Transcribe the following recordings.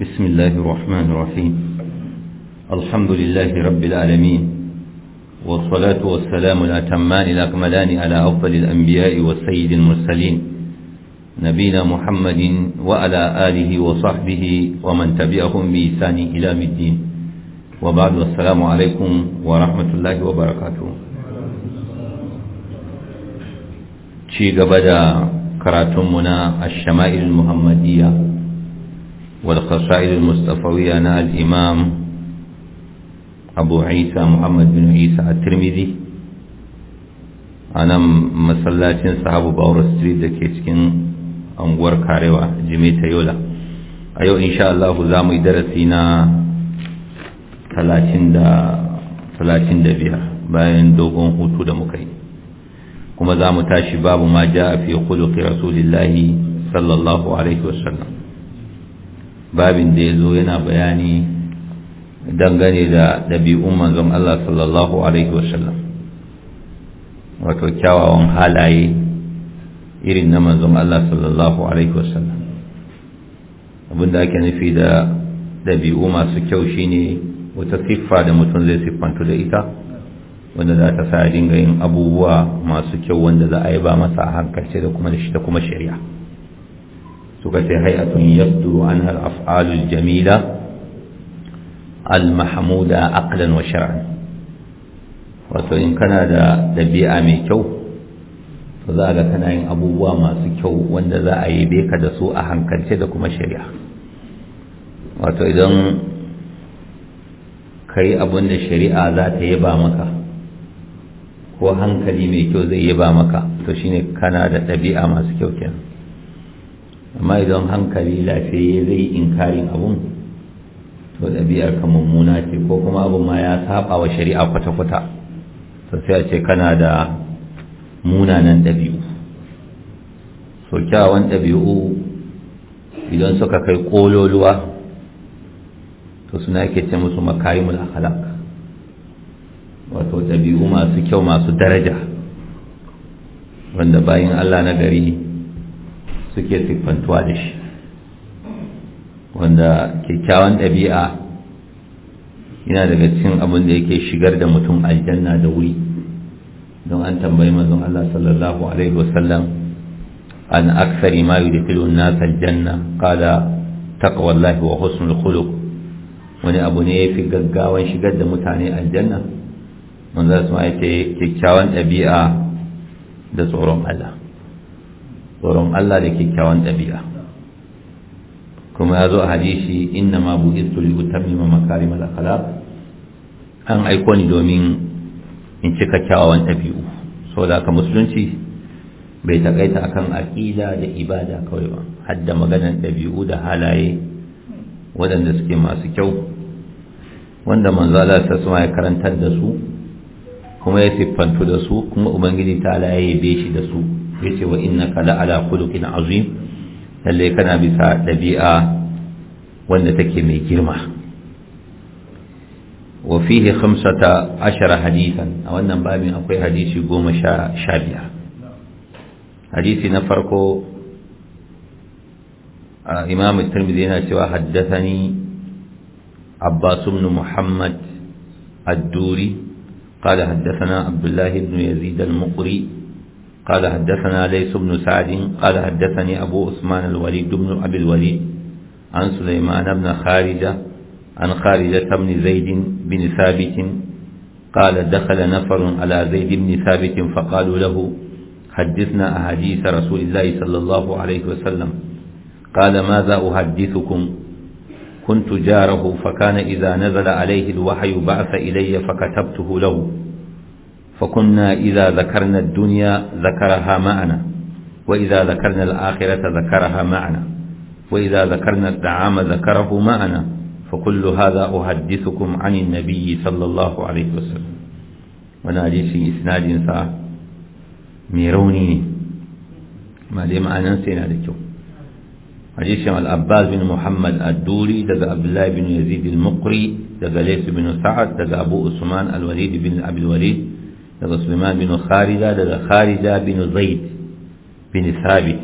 بسم الله الرحمن الرحيم الحمد لله رب العالمين والصلاة والسلام الأتمان الأكملان على أفضل الأنبياء والسيد المرسلين نبينا محمد وعلى آله وصحبه ومن تبعهم بإحسان إلى الدين وبعد والسلام عليكم ورحمة الله وبركاته شيء قبل كراتمنا الشمائل المحمدية والقصائد المصطفوية أنا الإمام أبو عيسى محمد بن عيسى الترمذي أنا مسلاتين صحاب باور ستريت دكيتكين أنغور كاريوا جميتا يولا أيو إن شاء الله زامي درسينا ثلاثين دا ثلاثين دا بيها باين دوغون هوتو دا مكاين كما زامو تاشي باب ما جاء في خلق رسول الله صلى الله عليه وسلم babin da ya zo yana bayani dangane da ɗabi'un manzon Allah sallallahu Alaihi wasallam wato kyawawan halaye irin na manzon Allah sallallahu Alaihi wasallam abinda ake nufi da ɗabi'u masu kyau shine wata siffa da mutum zai siffantu da ita wanda za ta sa dinga yin abubuwa masu kyau wanda za a yi ba masa hankalci da kuma da shi da kuma shari'a suka ce hay'atun yabdu anha al-af'alul jamila al-mahmuda aqlan wa shar'an wato in kana da dabi'a mai kyau to za ga kana yin abubuwa masu kyau wanda za a yabe ka da su a hankalce da kuma shari'a wato idan kai abin da shari'a za ta yaba maka ko hankali mai kyau zai yaba maka to shine kana da dabi'a masu kyau kenan amma idan hankali lafiyayye zai yi inkarin abun to ɗabi'ar ka mummuna ce ko kuma abun ma ya saba wa shari'a kwata-kwata to sai a ce kana da munanan ɗabi'u so kyawawan ɗabi'u idan suka kai ƙololuwa to suna ke ce musu makayimul akhlaq wato ɗabi'u masu kyau masu daraja wanda bayan Allah na gari suke siffantuwa da shi wanda kyakkyawan ɗabi'a yana daga cikin abin da yake shigar da mutum aljanna da wuri don an tambayi manzon Allah sallallahu alaihi wasallam an aksari ma yudkhilu an-nas aljanna qala taqwallahi wa husnul khuluq wani abu ne yafi gaggawan shigar da mutane aljanna manzon su ya ce kyakkyawan ɗabi'a da tsoron Allah tsoron Allah da kyakkyawan ɗabi'a kuma ya zo a hadisi inna ma bu'istu li utammima makarimal akhlaq an aiko ni domin in cika kyawawan ɗabi'u saboda ka musulunci bai takaita kan aƙida da ibada kawai ba hadda maganar ɗabi'u da halaye waɗanda suke masu kyau wanda manzo Allah ta ya karantar da su kuma ya siffantu da su kuma ubangiji ta ya bai shi da su ce wa innaka la ala khuluqin azim lallai kana bisa dabi'a wanda take mai girma wa fihi khamsata ashara hadisan, a wannan babin akwai hadisi goma sha biyar hadisi na farko imam tirmidhi yana cewa haddathani abbas ibn muhammad ad-duri قال حدثنا عبد الله بن يزيد المقري قال حدثنا ليس بن سعد قال حدثني أبو عثمان الوليد بن أبي الوليد عن سليمان بن خارجة عن خارجة بن زيد بن ثابت قال دخل نفر على زيد بن ثابت فقالوا له حدثنا أحاديث رسول الله صلى الله عليه وسلم قال ماذا أحدثكم كنت جاره فكان إذا نزل عليه الوحي بعث إلي فكتبته له فكنا إذا ذكرنا الدنيا ذكرها معنا وإذا ذكرنا الآخرة ذكرها معنا وإذا ذكرنا الطعام ذكره معنا فكل هذا أحدثكم عن النبي صلى الله عليه وسلم ونادي في إسناد سا ميروني ما دي معنا سينا لكم حديث الأباز بن محمد الدوري دد عبد الله بن يزيد المقري دد ليس بن سعد دد أبو أسمان الوليد بن أبي الوليد daga Suleiman bin Kharija daga Kharija bin Zaid bin Thabit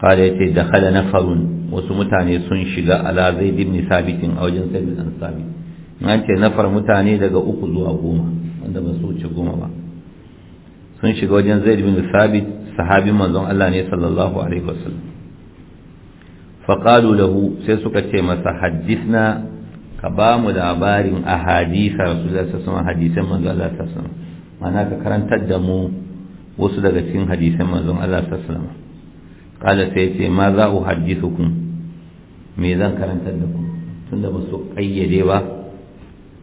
kada ya ce da kada na farun wasu mutane sun shiga ala Zaid bin Thabit a wajen Zaid bin Thabit Na ce nafar mutane daga uku zuwa goma wanda ba su wuce goma ba sun shiga wajen Zaid bin Thabit sahabin manzon Allah ne sallallahu alaihi wasallam faqalu lahu sai suka ce masa hadithna ka ba mu labarin a hadisa rasulullah su alaihi hadisan manzon Allah ta alaihi Mana ka karantar da mu wasu daga cikin hadisan manzon Allah ta alaihi kala sai ce ma za u kun me zan karantar da ku tunda ba su kayyade ba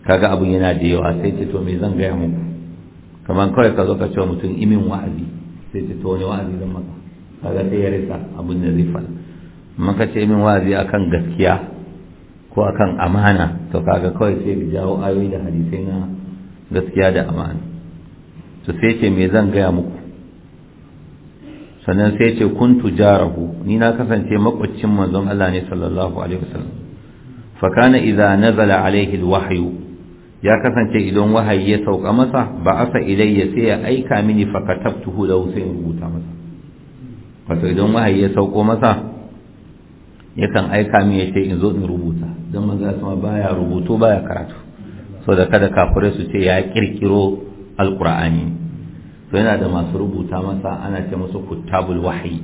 kaga abun yana da yawa sai ce to me zan gaya muku kamar kawai ka zo ka ce mutum imin wa'azi sai ce to wani wa'azi zan maka kaga sai ya rasa abun da zai faɗa maka ce imin wa'azi akan gaskiya ko akan amana to kaga kawai sai bi jawo ayoyi da hadisai na gaskiya da amana to sai ce me zan gaya muku sannan sai ce kuntu jarahu ni na kasance makwacin manzon Allah ne sallallahu alaihi wasallam fa kana idza nazala alaihi alwahyu ya kasance idan wahayi ya sauka masa ba asa ilayya sai ya aika mini fa katabtuhu da sai rubuta masa wato idan wahayi ya sauko masa yakan aika min ya ce in zo in rubuta dan manzo kuma baya rubutu baya karatu so da kada kafirai su ce ya kirkiro alqur'ani to yana da masu rubuta masa ana ce musu kuttabul wahyi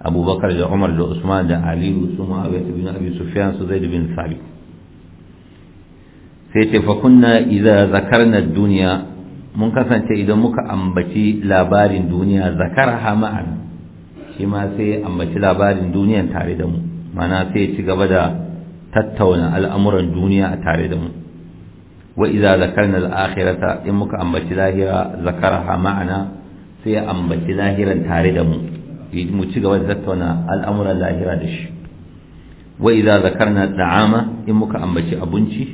abubakar da umar da usman da aliyu su muawiya bin abi sufyan su zaid bin sabit sai ce fa kunna idza zakarna ad-dunya mun kasance idan muka ambaci labarin duniya zakaraha ma'an shi ma sai ambaci labarin duniyan tare da mu mana sai ci gaba da tattauna al'amuran duniya a tare da mu wa idza zakarna al-akhirata in muka ambaci lahira ha ma'ana sai ya ambaci lahiran tare da mu mu ci gaba da tattauna al'amuran lahira da shi wa idza zakarna da'ama in muka ambaci abinci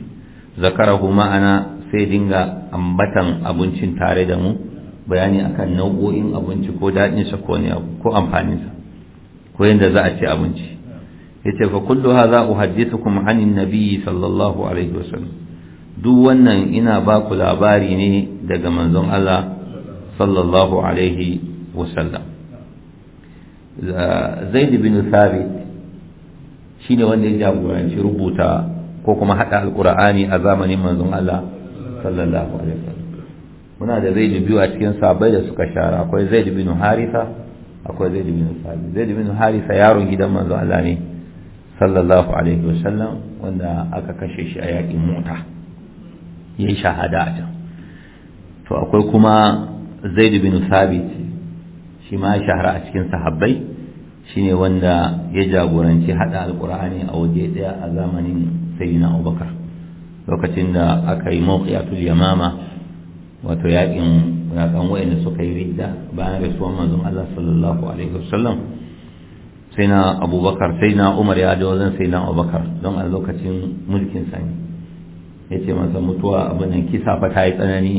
zakarahu ma'ana sai dinga ambatan abincin tare da mu bayani akan nau'o'in abinci ko daɗinsa ko ne ko amfaninsa ko yadda za a ci abinci yace fa kullu hadha uhaddithukum anin Nabiyyi sallallahu alaihi wasallam duk wannan ina ba ku labari ne daga manzon Allah sallallahu alaihi wasallam zaid bin thabit shine wanda ya jagoranci rubuta ko kuma hada alqur'ani a zamanin manzon Allah sallallahu alaihi wasallam muna da zaid biyu a cikin sahabbai da suka shara akwai zaid bin haritha akwai zaid bin thabit zaid bin haritha yaron gidan manzon Allah ne sallallahu alaihi wasallam wanda aka kashe shi a yakin mota ya yi shahada a can to akwai kuma zaid bin sabit shi ma ya shahara a cikin sahabbai shine wanda ya jagoranci hada alqur'ani a waje daya a zamanin sayyidina abubakar lokacin da aka yi mawqiyatul yamama wato yakin yakan wayanda suka yi ridda bayan rasuwan manzon Allah sallallahu alaihi wasallam sai na abubakar sai na umar ya ji wajen sai na abubakar don a lokacin mulkin sani ya ce masa mutuwa abin kisa fa ta yi tsanani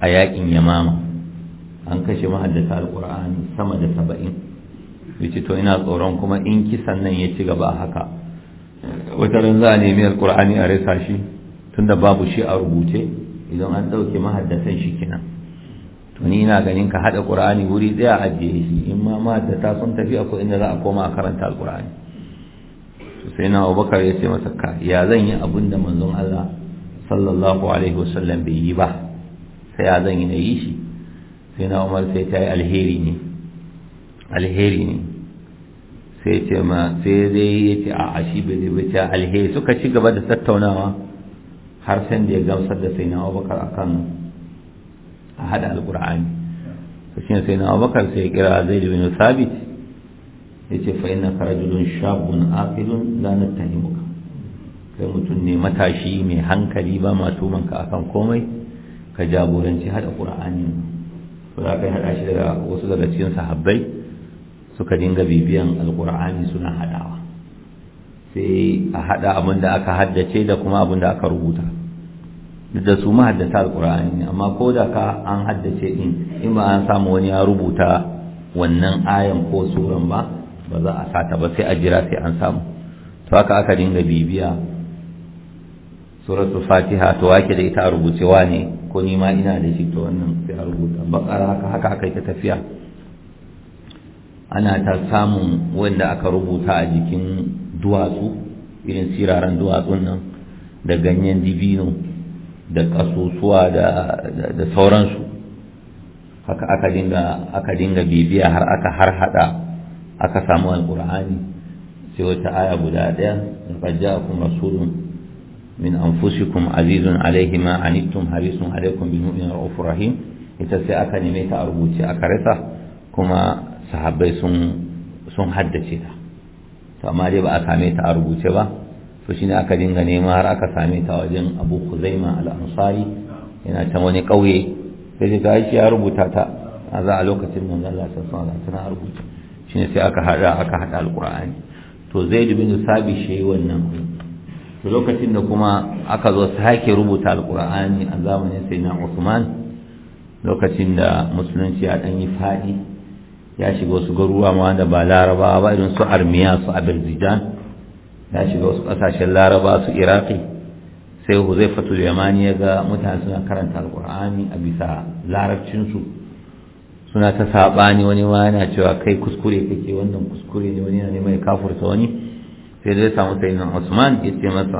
a yakin yamama an kashe mahaddata alkur'ani sama da saba'in ya ce to ina tsoron kuma in kisan nan ya ci gaba haka wata ran za a nemi alkur'ani a rasa shi tunda babu shi a rubuce idan an ɗauke mahaddatan shi kenan to ni ina ganin ka hada qur'ani wuri tsaya ajiye shi in ma ma da ta sun tafi akwai inda za a koma a karanta alqur'ani to sai na Abubakar ya ce masa ka ya zan yi abin da manzon Allah sallallahu alaihi wasallam bai yi ba sai ya zan yi na yi shi sai na Umar sai ta yi alheri ne alheri ne sai ce ma sai zai yi ce a ashi bai zai bace alheri suka ci gaba da tattaunawa har sai da ya gamsar da sai na Abubakar akan a hada alqur'ani to shine sai na Abubakar sai ya kira Zaid bin sabit yace fa innaka karajulun shabun aqilun la nattahimuka kai mutum ne matashi mai hankali ba ma tumanka akan komai ka jagoranci hada qur'ani to za ka hada shi daga wasu daga cikin sahabbai suka dinga bibiyan alqur'ani suna hadawa sai a hada abin da aka haddace da kuma abin da aka rubuta da su mahaddata alkur'ani amma ko da ka an haddace din in ba an samu wani ya rubuta wannan ayan ko suran ba ba za a sata ba sai a jira sai an samu to haka aka dinga bibiya suratul fatiha to wake da ita a rubuce ne ko ni ma ina da shi to wannan sai a rubuta bakara haka haka aka yi ta tafiya ana ta samun wanda aka rubuta a jikin duwatsu irin siraran duwatsun nan da ganyen dibino da kasusuwa da sauransu haka aka dinga aka dinga bibiya har aka har hada aka samu alqur'ani sai wata aya guda daya laqad ja'akum rasulun min anfusikum azizun alayhi ma anittum harisun alaykum bil mu'minina raufur rahim ita sai aka neme ta a rubuce aka rasa kuma sahabbai sun sun haddace ta to amma dai ba a same ta a rubuce ba to shine aka dinga nema har aka same ta wajen Abu kuzaima al'ansari yana ta wani ƙauye. sai ta aiki ya rubuta ta a za a lokacin manzon Allah sallallahu alaihi wasallam rubuta shine sai aka haɗa, aka haɗa alqur'ani to Zaid bin Sabi shi wannan to lokacin da kuma aka zo sake rubuta alqur'ani a zamanin sai na usman lokacin da musulunci ya ɗan yi fadi ya shiga wasu garuruwa ma da ba larabawa ba irin su armiya su abirzijan ya shiga wasu kasashen laraba su iraki sai huzaifatul yamani ya ga mutane suna karanta alkur'ani a bisa larabcinsu suna ta saɓani wani ma yana cewa kai kuskure kake wannan kuskure ne wani yana neman ya kafurta wani sai zai samu sai usman ya ce masa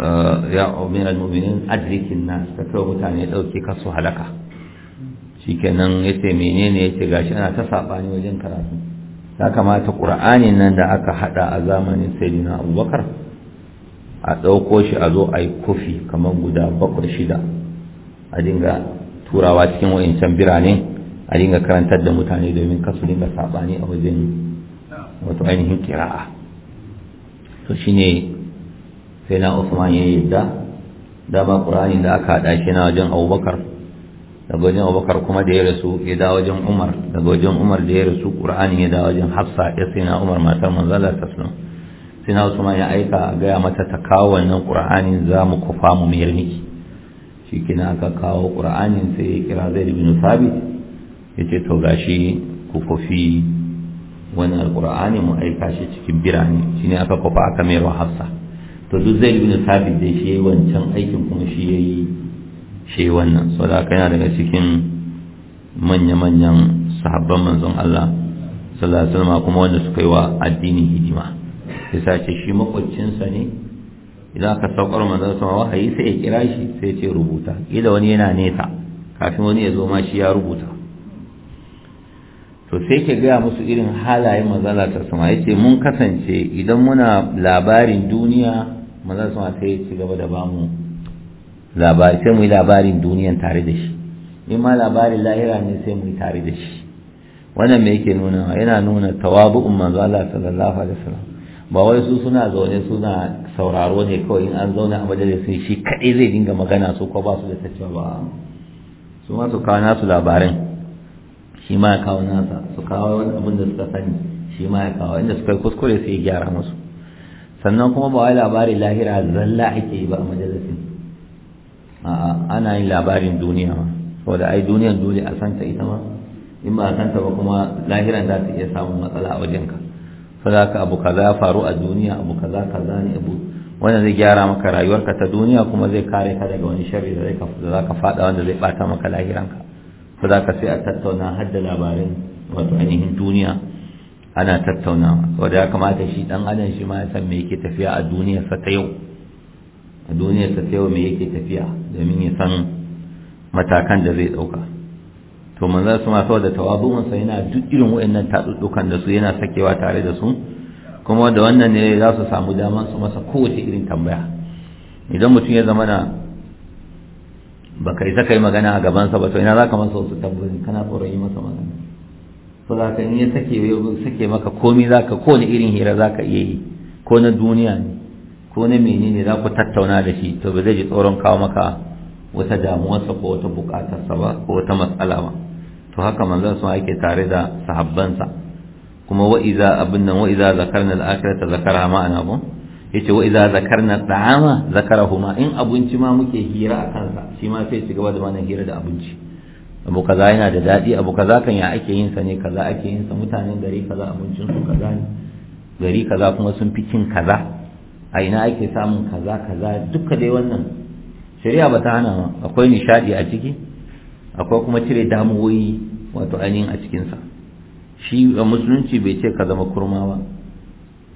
eh, ya umira almu'minin adrikin nas ka kawo mutane dauke ka su halaka shikenan yace menene yace gashi ana ta saɓani wajen karatu ya kamata ƙur'ani nan da aka haɗa a zamanin sayyidina abubakar a ɗauko shi a zo a yi kofi kamar guda bakwai shida a dinga turawa cikin wa'incan birane a dinga karantar da mutane domin kasu dinga saɓani a wajen wato ainihin kira'a to shine sai na usman ya yi yadda dama ƙur'ani da aka haɗa shi na wajen abubakar daga wajen abubakar kuma da ya rasu ya da wajen umar daga wajen umar da ya rasu ƙur'ani ya da wajen hafsa ya sai na umar matar manzala ta sunan sai na usman ya aika a gaya mata ta kawo wannan ƙur'ani za mu kufa mu mayar miki shi kina aka kawo ƙur'anin sai ya kira zai bin sabit ya ce to gashi ku kufi wannan alƙur'ani mu aika shi cikin birane shi ne aka kufa aka mayar wa hafsa to duk zai bin sabi da shi wancan aikin kuma shi ya yi. shi wannan saboda yana daga cikin manya-manyan sahabban manzon Allah sallallahu alaihi wasallam kuma wanda suka yi wa addini hidima sai sace shi makwabcinsa ne idan aka saukar manzon sama wahayi sai ya kira shi sai ya ce rubuta kila wani yana nesa kafin wani ya zo ma shi ya rubuta to sai ke gaya musu irin halaye manzala ta sama ya ce mun kasance idan muna labarin duniya manzala sai ya ci gaba da bamu labari sai mu yi labarin duniyan tare da shi in ma labarin lahira ne sai mu yi tare da shi wannan me yake nuna yana nuna tawabu'un manzo Allah sallallahu alaihi wasallam ba wai su suna zaune suna sauraro ne kawai in an zauna a majalisun shi kadai zai dinga magana su ko ba su da tacewa ba su ma su kawo nasu labarin shi ma ya kawo nasa su kawo wani abin da suka sani shi ma ya kawo inda suka yi kuskure sai ya gyara musu sannan kuma ba wai labarin lahira zalla ake yi ba a majalisun A'a, ana yin labarin duniya ma saboda ai duniyan dole a santa ita ma in ba a santa ba kuma lahiran za ta iya samun matsala a ka saboda ka, abu kaza ya faru a duniya abu kaza kaza ne abu wanda zai gyara maka rayuwarka ta duniya kuma zai kare ka daga wani sharri da za ka faɗa wanda zai ɓata maka lahiranka saboda haka sai a tattauna har da labarin wato ainihin duniya ana tattaunawa saboda ya kamata shi ɗan adam shi ma ya san me yake tafiya a duniyarsa ta yau a duniyar ta sai me yake tafiya domin ya san matakan da zai dauka to manzo su ma saboda tawabu'un yana duk irin wayannan tatsukan da su yana sakewa tare da su kuma da wannan ne za su samu damar su masa kowace irin tambaya idan mutum ya zama na ba kai ta kai magana a gabansa ba to ina za ka masa wasu tambayoyi kana tsoron yi masa magana to za ka in ya sake sake maka komi za ka kowane irin hira za ka iya yi ko na duniya ne ko na menene za ku tattauna da shi to ba zai ji tsoron kawo maka wata damuwarsa ko wata bukatarsa ba ko wata matsala ba to haka manzon sun ake tare da sahabbansa kuma wa iza abin nan wa iza zakarna al-akhirata zakara ana bu yace wa iza zakarna da'ama in abinci ma muke hira a kansa shi ma sai gaba da mana hira da abinci abu kaza yana da dadi abu kaza kan ya ake yin sa ne kaza ake yin sa mutanen gari kaza abincin su kaza ne gari kaza kuma sun fi cin kaza a ina ake samun kaza kaza duka dai wannan shari'a ba ta hana akwai nishadi a ciki akwai kuma cire damuwoyi wato ainihin a cikinsa shi a musulunci bai ce ka zama kurma ba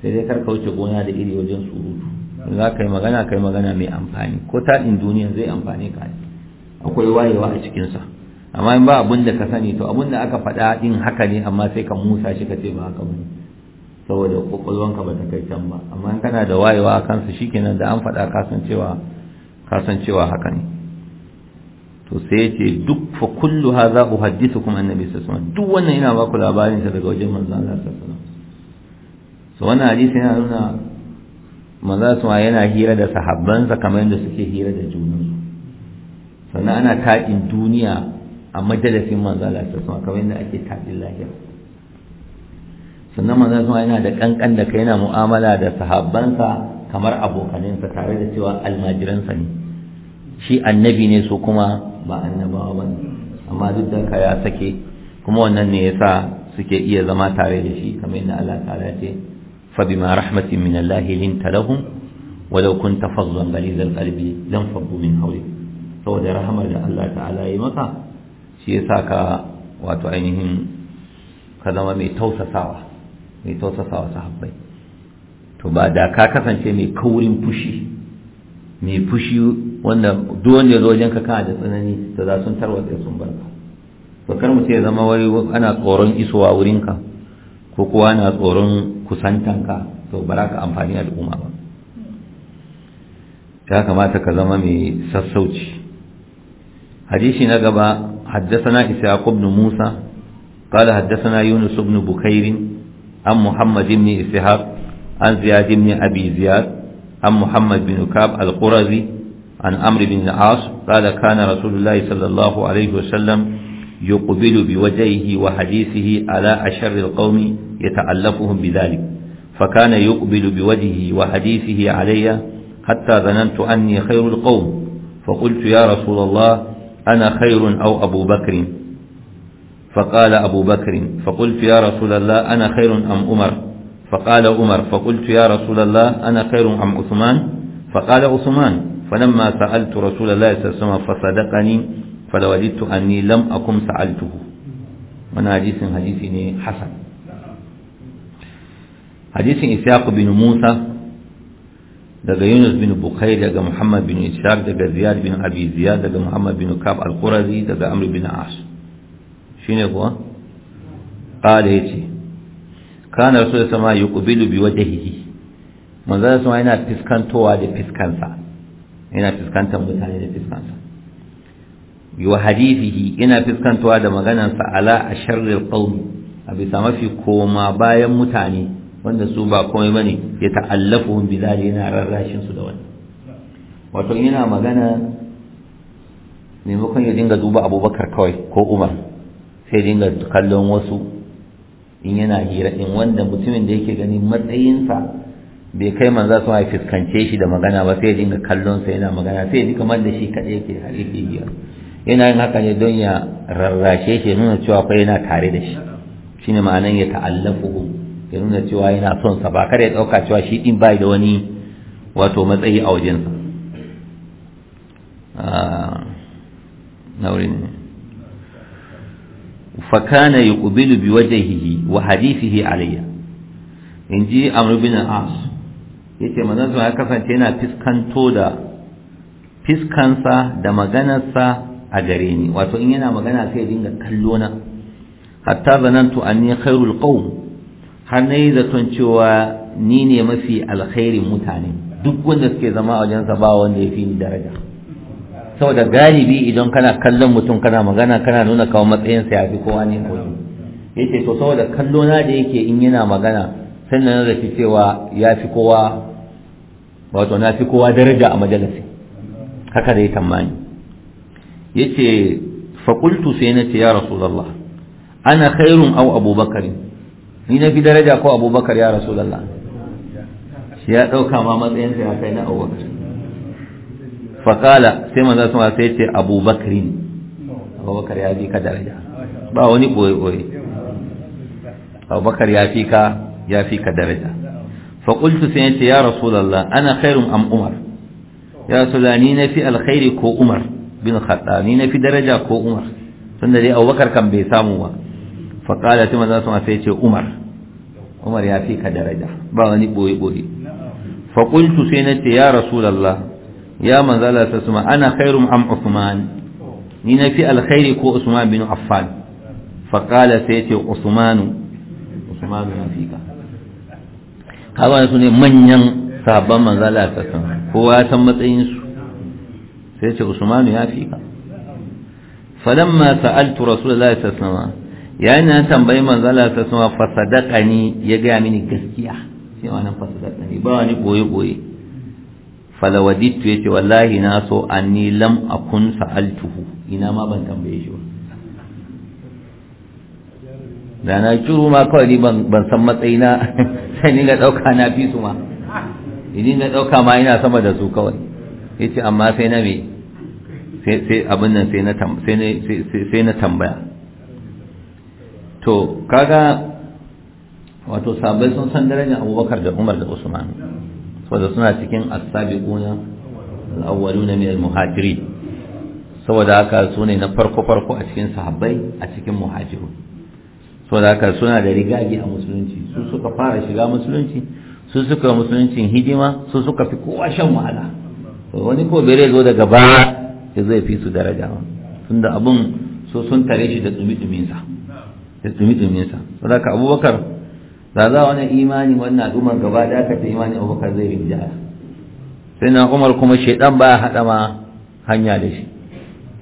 sai dai karka wuce gona da iri wajen surutu za ka yi magana ka yi magana mai amfani ko taɗin duniya zai amfani ka akwai wayewa a cikinsa amma in ba abin da ka sani to abun da aka faɗa ɗin haka ne amma sai ka musa shi ka ce ba haka ba ne saboda kwakwalwanka ba ta kai can ba amma in kana da wayewa a kansu shikenan da an faɗa kasancewa kasancewa haka ne to sai ce duk fa kullu hadha uhaddithukum annabi sallallahu alaihi wasallam duk wannan ina baku labarin sa daga wajen manzon Allah sallallahu alaihi wasallam so wannan hadisi yana nuna manzon sa yana hira da sa kamar yadda suke hira da juna sannan ana taɗin duniya a majalisin manzon Allah sallallahu alaihi wasallam kamar yadda ake taɗin lahira sannan manzon sama yana da kankan da kai yana mu'amala da sahabbansa kamar abokaninsa tare da cewa almajiransa ne shi annabi ne so kuma ba annabawa ba ne amma duk da ka ya sake kuma wannan ne yasa suke iya zama tare da shi kamar yadda Allah ta'ala ya ce fa bima rahmatin min Allah linta lahum walau kunta faddan ghalizal qalbi lam faddu min hawlik saboda rahmar da Allah ta'ala ya maka shi yasa ka wato ainihin ka zama mai tausasawa mai tausasa wa sahabbai to ba da ka kasance mai kaurin fushi mai fushi wanda duk wanda ya zo wajen ka kana da tsanani da za sun tarwatsa sun bar ka to kar mu ya zama wai ana tsoron isowa wurin ka ko kuwa ana tsoron kusantan ka to ba za ka amfani al'umma ba ya kamata ka zama mai sassauci hadisi na gaba حدثنا إسحاق بن موسى قال حدثنا يونس بن بكير عن محمد بن إسحاق عن زياد بن أبي زياد عن محمد بن كعب القرزي عن أمر بن العاص قال كان رسول الله صلى الله عليه وسلم يقبل بوجهه وحديثه على أشر القوم يتألفهم بذلك فكان يقبل بوجهه وحديثه علي حتى ظننت أني خير القوم فقلت يا رسول الله أنا خير أو أبو بكر فقال أبو بكر فقلت يا رسول الله أنا خير أم عمر فقال عمر فقلت يا رسول الله أنا خير أم عثمان فقال عثمان فلما سألت رسول الله صلى الله عليه وسلم فصدقني فلوجدت أني لم أكن سألته من حديث حديث حسن حديث إسحاق بن موسى daga Yunus bin Bukhari daga Muhammad bin Ishaq daga Ziyad bin Abi Ziyad daga Muhammad bin Kab al-Qurazi daga Amr bin Ash shine kuwa ya ce kana da sama yuqbilu bi wajhihi manzo sama yana fiskantowa da fiskansa yana fiskantar mutane da fiskansa wa hadithihi yana fiskantowa da maganarsa ala asharril qawm a bisa mafi koma bayan mutane wanda su ba komai bane ya ta'allafu bi zalika yana rarrashin su da wani, wato yana magana maimakon ya dinga duba abubakar kawai ko umar sai dinga kallon wasu in yana hira in wanda mutumin da yake gani matsayinsa bai kai manza su ya fuskance shi da magana ba sai dinga kallon sa yana magana sai ji kamar da shi kaɗai yake har yake hira yana yin haka ne don ya rarrashe shi nuna cewa fa yana tare da shi shine ma'anan ya ta'allafu ya nuna cewa yana son sa ba kada ya ɗauka cewa shi din bai da wani wato matsayi a wajensa ah, wurin ne فكان يقبل بوجهه وحديثه علي in ji amru bin as ya ce manzansu ya kasance yana fiskanto da fiskansa da maganarsa a gare ni wato in yana magana sai dinga kallo na hatta zanantu anni khairul qawm har nayi zaton cewa ni ne mafi alkhairin mutane duk wanda suke zama a wajensa ba wanda ya fi ni daraja saboda galibi idan kana kallon mutum kana magana kana nuna kawo matsayinsa ya fi kowa ne ko ya ce to saboda kallo na da yake in yana magana sannan na zafi cewa ya fi kowa wato na fi kowa daraja a majalisi haka da ya tamani ya ce faƙultu sai na ce ya rasulallah ana khairun au abubakar ni na fi daraja ko abubakar ya rasulallah shi ya ɗauka ma matsayinsa ya kai na abubakar faƙala sai manzo sama sai ce abubakar abubakar ya fi ka daraja ba wani ɓoye-ɓoye abubakar ya fi ka ya fi ka daraja faƙultu sai ya ce ya rasulallah ana khairun am umar ya rasulallah ni na fi alkhairi ko umar bin khatta ni na fi daraja ko umar tunda dai abubakar kan bai samu ba faƙala sai manzo sama sai ce umar umar ya fi ka daraja ba wani ɓoye-ɓoye faƙultu sai na ce ya rasulallah ya manzala ta suma ana khairum am usman ni na fi alkhairi ko usman bin affan fa sai ce usman usman bin fika kaga su ne manyan sabon manzala ta suma kowa ya san matsayin su sai ce usman ya fika falamma sa'altu rasulullahi sallallahu alaihi wasallam yayin na tambayi manzala ta suma fa sadaqani ya ga mini gaskiya sai wannan fa sadaqani ba wani boye boye falawadittu yace wallahi na so anni lam akun sa'altuhu ina ma ban tambaye shi ba da na shiru ma kawai ni ban san matsayina sai ni ga dauka na fi su ma idin na dauka ma ina sama da su kawai yace amma sai na me sai sai abin nan sai na sai na tambaya to kaga wato sabai sun san darajar Abubakar da Umar da Usman wanda suna cikin asabi sabiquna al-awwaluna min muhajiri saboda haka su ne na farko farko a cikin sahabbai a cikin muhajiru saboda haka suna da rigagi a musulunci su suka fara shiga musulunci su suka musuluncin hidima su suka fi kowa shan wahala wani ko bai zo daga baya ya zai fi su daraja ba tunda abun so sun tare shi da dumi-duminsa da tsumi saboda haka abubakar da za wani imani wannan al'ummar gaba da aka ce imani abubakar zai rinja sai na umar kuma shaidan ba haɗa ma hanya da shi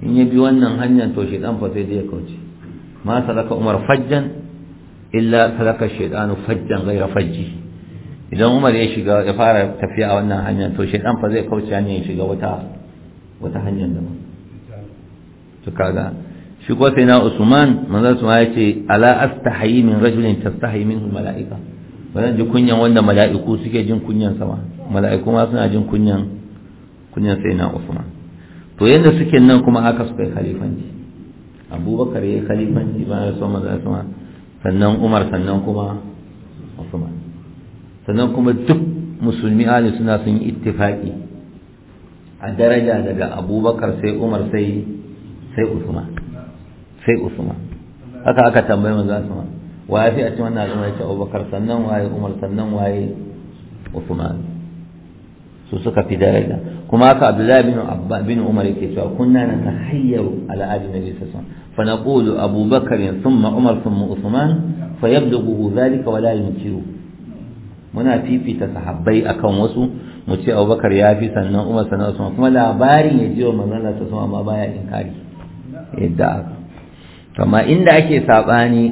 in ya bi wannan hanyar to shaidan fa sai zai kauce ma salaka umar fajjan illa salaka shaidanu fajjan gaira fajji idan umar ya shiga ya fara tafiya a wannan hanyar to shaidan fa zai kauce ne ya shiga wata wata hanyar daban to kaga shi ko sai na usman manzo su ya ce ala astahi min rajulin tastahi min malaika wannan ji kunyan wanda mala'iku suke jin kunyan sama mala'iku ma suna jin kunyan kunyan sai na usman to yanda suke nan kuma aka suka yi khalifanci abubakar ya yi khalifanci ba ya son maza sama sannan umar sannan kuma usman sannan kuma duk musulmi ali suna sun yi ittifaqi a daraja daga abubakar sai umar sai sai usman sai usman haka aka tambayi manzo usman wa ya fi a cikin wannan al'umma ya abubakar sannan waye umar sannan waye usman su suka fi daraja kuma haka abdullahi bin abba bin umar yake cewa kunna na tahayyaru ala abi nabi sallallahu fa naqulu abubakar thumma umar thumma usman fa yabdughu dhalika wa la yunkiru muna fifita sahabbai akan wasu mu ce abubakar ya fi sannan umar sannan usman kuma labarin ya ji wa manzon Allah sallallahu alaihi wasallam amma baya inkari yadda kama inda ake sabani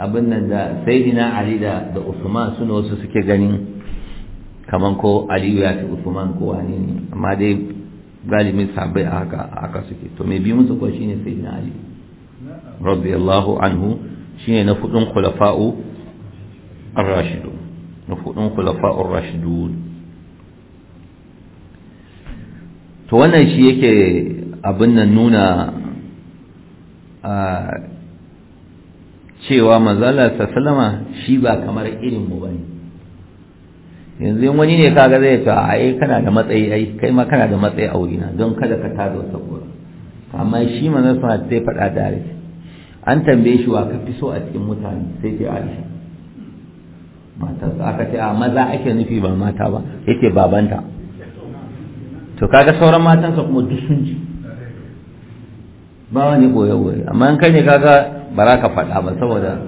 abin nan da saidina ali da da usman suna wasu suke ganin kaman ko aliyu ya fi usman ko wani ne amma dai galibin sabai a haka haka suke to mai bi musu kuwa shine saidina ali radiyallahu anhu shine na fudun khulafa'u ar-rashidun na fudun khulafa'u ar-rashidun to wannan shi yake abin nan nuna cewa manzala sallama shi ba kamar irin mu ne. yanzu wani ne kaga zai ta yi kana da matsayi ai kai ma kana da matsayi a wurina don kada ka tada wata gora amma shi mazan suna sai faɗa da Aisha an tambaye shi wa ka fi so a cikin mutane sai ta Aisha mata aka ce a maza ake nufi ba mata ba yake babanta to kaga sauran matansa kuma duk sun ji ba wani boye-boye amma in kai ne kaga ba za ka faɗa ba saboda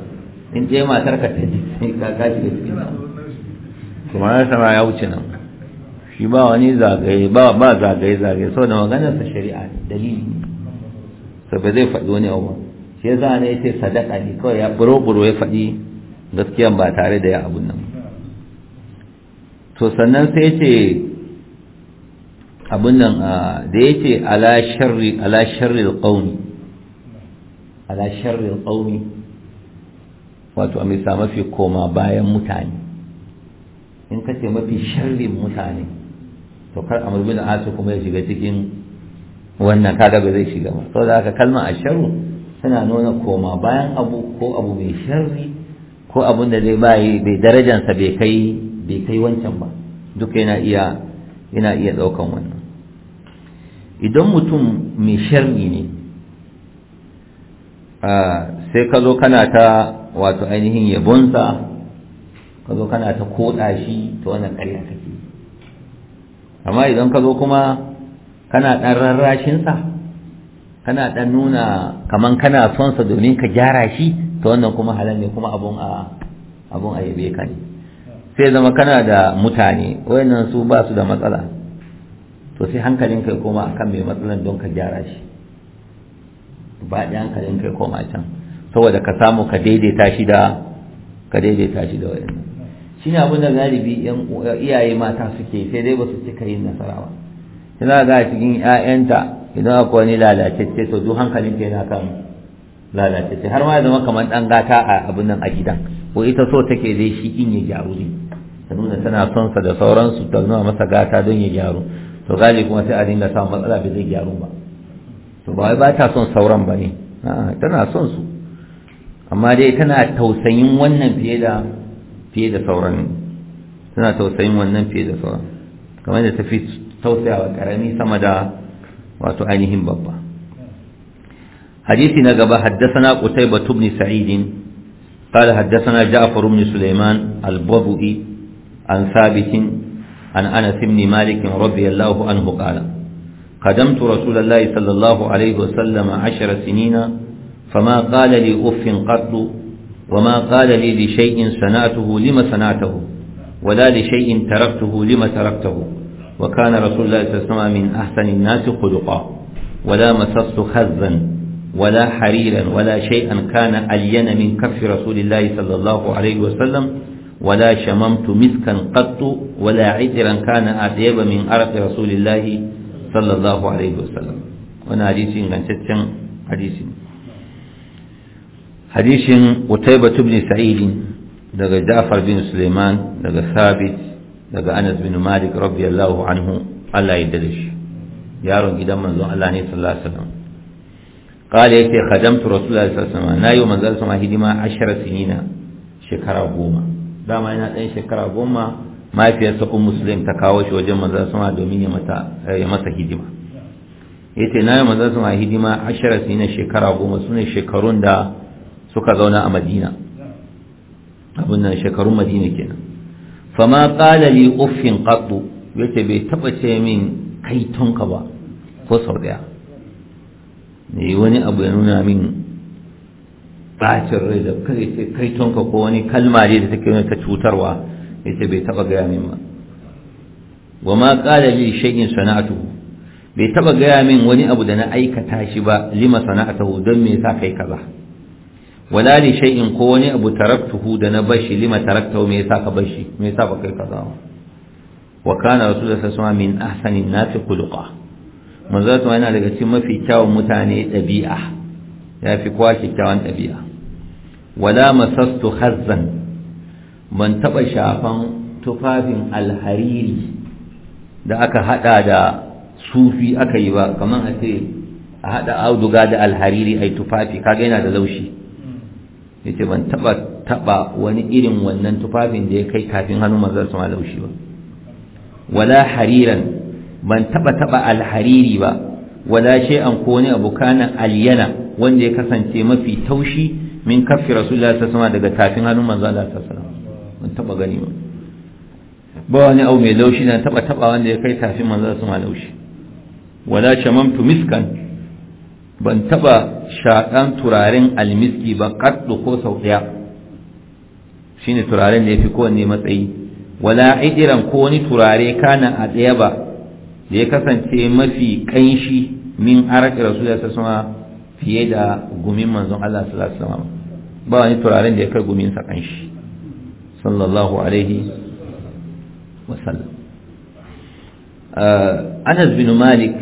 in je matar ka ta ji sai ka kashi da cikin nan kuma na sama ya wuce nan shi ba wani zagaye ba ba zagaye zagaye saboda maganar sa shari'a dalili sai saboda zai faɗi wani abu shi za ne sai sadaka ne kawai ya buro buro ya faɗi gaskiya ba tare da ya abun nan to sannan sai ce. abin nan da ya ce ala sharri ala sharri wato a misa mafi koma bayan mutane in ka ce mafi sharrin mutane to kar a bin Asu kuma ya shiga cikin wannan kaga ba zai shiga ba saboda haka kalma asharu tana nuna koma bayan abu ko abu mai sharri ko abun da zai bayi bai darajansa bai kai bai kai wancan ba duk yana iya yana iya ɗaukan wannan idan mutum mai sharri ne sai ka zo kana ta wato ainihin yabonsa ka zo kana ta koɗa shi ta wannan ƙarya kake amma idan ka zo kuma kana ɗan rarrashinsa kana ɗan nuna kaman kana sonsa domin ka gyara shi ta wannan kuma halar ne kuma abun a abun a yabe ka ne sai zama kana da mutane wayannan su ba su da matsala to sai hankalin kai koma akan mai matsalan don ka gyara shi ba ɗaya hankalin kai koma can saboda ka samu ka daidaita shi da ka daidaita shi da shi shine abin da galibi yan iyaye mata suke sai dai ba su cika yin nasara ba kina ga cikin ƴaƴanta idan akwai wani lalatacce to duk hankalin kai na kan lalatacce har ma ya zama kamar ɗan gata a abin nan a gidan ko ita so take dai shi in ya gyaru ne ta nuna tana son sa da sauransu ta nuna masa gata don ya gyaru to gane kuma sai a dinga samun matsala bai zai gyaru ba to ba ba ta son sauran ba ne tana son su amma dai tana tausayin wannan fiye da fiye da sauran tana tausayin wannan fiye da sauran kamar da tafi tausayawa karami sama da wato ainihin babba Hadisi حديثنا قبا حدثنا قتيبة بن سعيد قال حدثنا جعفر بن سليمان البضئي عن ثابت عن أنس بن مالك رضي الله عنه قال قدمت رسول الله صلى الله عليه وسلم عشر سنين فما قال لي أف قط وما قال لي لشيء صنعته لم صنعته ولا لشيء تركته لم تركته وكان رسول الله صلى الله عليه وسلم من أحسن الناس خلقا ولا مسست خذا ولا حريرا ولا شيئا كان ألين من كف رسول الله صلى الله عليه وسلم ولا شممت مسكا قط ولا عطرا كان أطيب من عرق رسول الله صلى الله عليه وسلم وانا حديث غنتتن حديث حديث قتيبة بن سعيد دغ جعفر بن سليمان دغ ثابت دغ أنس بن مالك رضي الله عنه الله يدلش yaron gidan manzon Allah ne sallallahu alaihi wasallam قال يتي خدمت رسول الله صلى الله عليه وسلم نايو منزل سما هدما 10 سنين شكرا 10 dama yana ɗan shekara goma mahaifiyarsa un musulun ta kawo shi wajen manzan sama domin ya masa hidima ya ce na yi manzan sama hidima ashirar su shekara goma su ne shekarun da suka zauna a madina abin nan shekarun madina kenan fama ƙala li uffin qattu yace bai taɓa ce min kai tonka ba ko sau ɗaya ne wani abu ya nuna min bacin rai da kai kai ko wani kalma ne da take ta cutarwa ya ce bai taba gaya min ba wa ma qala li shay'in sana'atuhu bai taba gaya min wani abu da na aikata shi ba lima sana'atuhu don me yasa kai kaza wala li shay'in ko wani abu taraktuhu da na bashi lima taraktahu me yasa ka bashi me yasa ba kai kaza ba wa kana rasulullahi sallallahu alaihi wasallam min ahsani an-nasi khuluqa manzo yana daga cikin mafi kyawun mutane dabi'a ya fi kowa kyawun ɗabi'a wala masastu harzan ban taɓa shafan tufafin alhariri da aka haɗa da sufi aka yi ba kamar a ce a haɗa auduga da alhariri ai tufafi kaga yana da laushi ya ce ban taɓa taɓa wani irin wannan tufafin da ya kai kafin hannun manzon sama laushi ba wala hariran ban taɓa taɓa alhariri ba wala shay'an ko wani abu kana alyana wanda ya kasance mafi taushi min kafi rasulullahi ya sama daga tafin hannun manzo Allah ta sana mun taba gani ba ba wani abu mai laushi na taba taba wanda ya kai tafin manzo sallallahu alaihi laushi wala shamamtu miskan ban taba shaɗan turaren almiski ba kaddu ko sau Shi shine turaren da ya fi kowanne matsayi wala idiran ko wani turare kana a ɗaya ba da ya kasance mafi kanshi min araki rasulullah ya alaihi wasallam fiye da gumin manzon Allah sallallahu alaihi wasallam ba wani turaren da ya kai gumin sa kanshi sallallahu alaihi wasallam uh, anas bin malik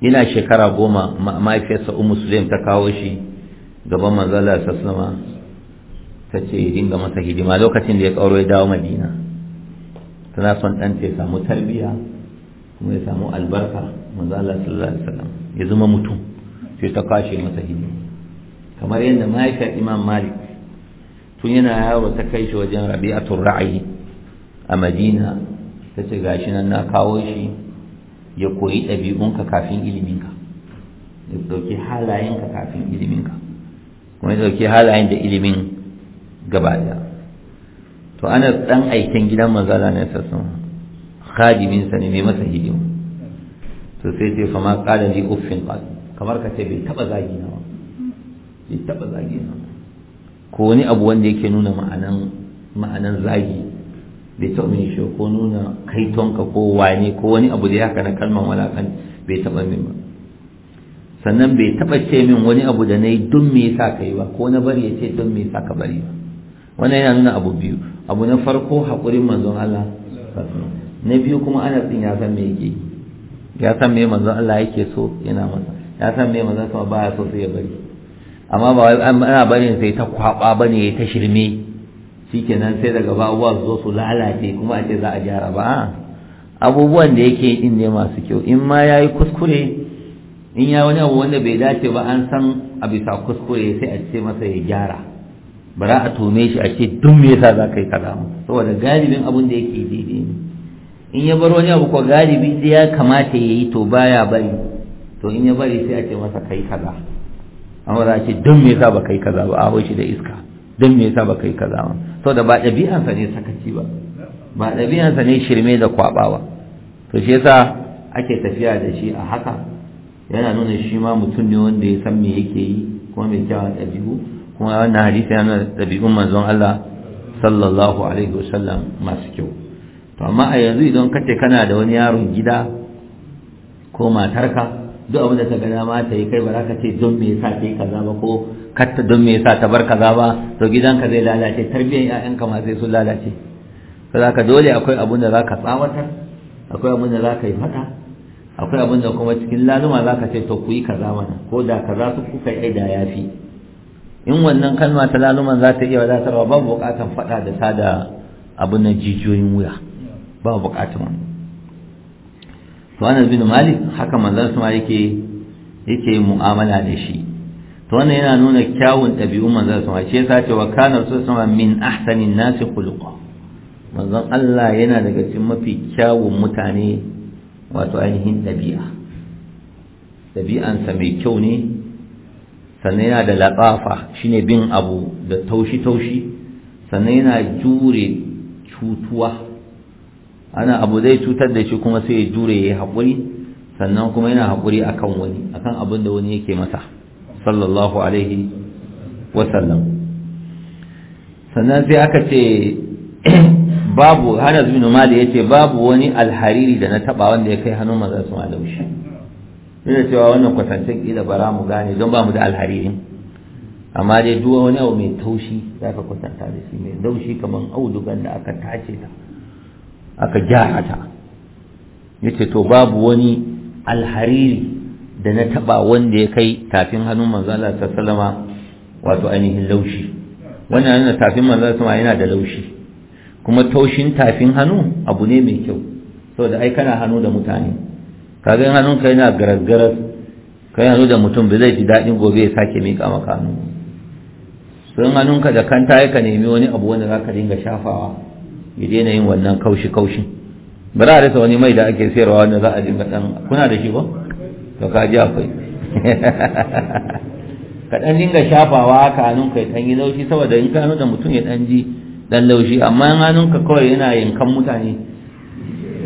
yana shekara goma mahaifiyarsa umu sulaim ta kawo shi gaban manzala sassama ta ce ya dinga masa hidima lokacin da ya kauro ya dawo madina tana son ta ya samu tarbiyya kuma ya samu albarka manzala sallallahu alaihi wasallam ya zama mutum sai ta kashe masa hidima kamar yadda mahaifiyar imam malik tun yana yaro ta kai shi wajen rabi'atul ra'ayi a madina ta ce gashi nan na kawo shi ya koyi ɗabi'unka kafin iliminka ya ɗauki halayenka kafin iliminka kuma ya ɗauki halayen da ilimin gaba ɗaya to ana ɗan aikin gidan manzala ne sassan khadimin sa ne mai masa hidima to sai ce fa ma qala li uffin qal kamar ka ce bai taba zagi na ba bai taɓa zagi na ko wani abu wanda yake nuna ma'anan ma'anan zagi bai taba min shi ko nuna kaitonka ko wani ko wani abu da ya haka na kalman walakan bai taɓa min ba sannan bai taɓa ce min wani abu da na yi don me yasa ka yi ba ko na bari ya ce don me yasa ka bari ba wannan yana nuna abu biyu abu na farko haƙurin manzon Allah na biyu kuma ana tsin ya san me yake ya san me manzon Allah yake so yana masa ya san me manzon Allah ba ya so sai ya bari amma ba ana barin sai ta kwaba bane ta shirme shikenan sai daga ba uwa su zo su lalace kuma a ce za a gyara ba abubuwan da yake din ne masu kyau in ma yayi kuskure in ya wani abu wanda bai dace ba an san a bisa kuskure sai a ce masa ya gyara bara a tome shi a ce duk me yasa za ka yi kaza saboda galibin abun da yake daidai ne in ya bar wani abu ko galibi da ya kamata ya yi to baya bari to in ya bari sai a ce masa kai kaza amma za a ce don me yasa ba kai kaza ba a shi da iska don me yasa ba kai kaza ba da ba ɗabi'ansa ne sakaci ba ba ɗabi'ansa ne shirme da kwaɓawa, to shi yasa ake tafiya da shi a haka yana nuna shi ma mutum ne wanda ya san me yake yi kuma mai kyawun ɗabi'u kuma wannan hadisi yana nuna ɗabi'un manzon Allah sallallahu alaihi sallam masu kyau to amma a yanzu idan kace kana da wani yaron gida ko matarka duk abin da ta gana ma ta yi kai ba za ka ce don me yasa ta yi kaza ba ko katta don me yasa ta bar kaza ba to gidanka zai lalace tarbiyyar ƴaƴanka ma sai sun lalace za ka dole akwai abin da za ka tsawatar akwai abin da za ka yi fata akwai abin da kuma cikin laluma za ka ce to ku yi kaza mana ko da kaza su kuka yi aida ya fi in wannan kalma ta laluma za ta iya wadatarwa babu bukatan faɗa da ta da abin nan jijiyoyin wuya babu bukatan wannan to Anas bin Malik haka manzon sama yake yake mu'amala da shi to wannan yana nuna kyawun ɗabi'un manzon sama shi yasa cewa kana rasul sama min ahsanin nasi khuluqa manzon Allah yana daga cikin mafi kyawun mutane wato ainihin ɗabi'a ɗabi'ansa mai kyau ne sannan yana da latsafa shine bin abu da taushi-taushi sannan yana jure cutuwa ana abu zai cutar da shi kuma sai ya jure ya yi haƙuri sannan kuma yana haƙuri akan wani akan abin da wani yake masa sallallahu alaihi wasallam sannan sai aka ce babu hana zubi nomali ya ce babu wani alhariri da na taɓa wanda ya kai hannun maza su malaushi ina cewa wannan kwatancin ƙila bara mu gane don ba mu da alhariri, amma dai duwa wani abu mai taushi za ka kwatanta da shi mai laushi kamar audugan da aka tace ta aka gyara ta ce to babu wani alhariri da na taba wanda ya kai tafin hannun manzala ta salama, wato ainihin laushi wannan yana tafin manzala ta yana da laushi kuma taushin tafin hannu abu ne mai kyau saboda ai kana hannu da mutane kaga in hannunka yana garagaras kai hannu da mutum ba zai ji daɗin gobe ya sake mika maka hannu sun hannunka da kanta ka nemi wani abu wanda za ka dinga shafawa ya daina yin wannan kaushi kaushi ba za a rasa wani mai da ake sayarwa wanda za a dinga dan kuna da shi ba to ka ji akwai ka dan dinga shafawa ka hannun ya dan yi laushi saboda in ka da mutum ya dan ji dan laushi amma in hannun ka kawai yana yankan mutane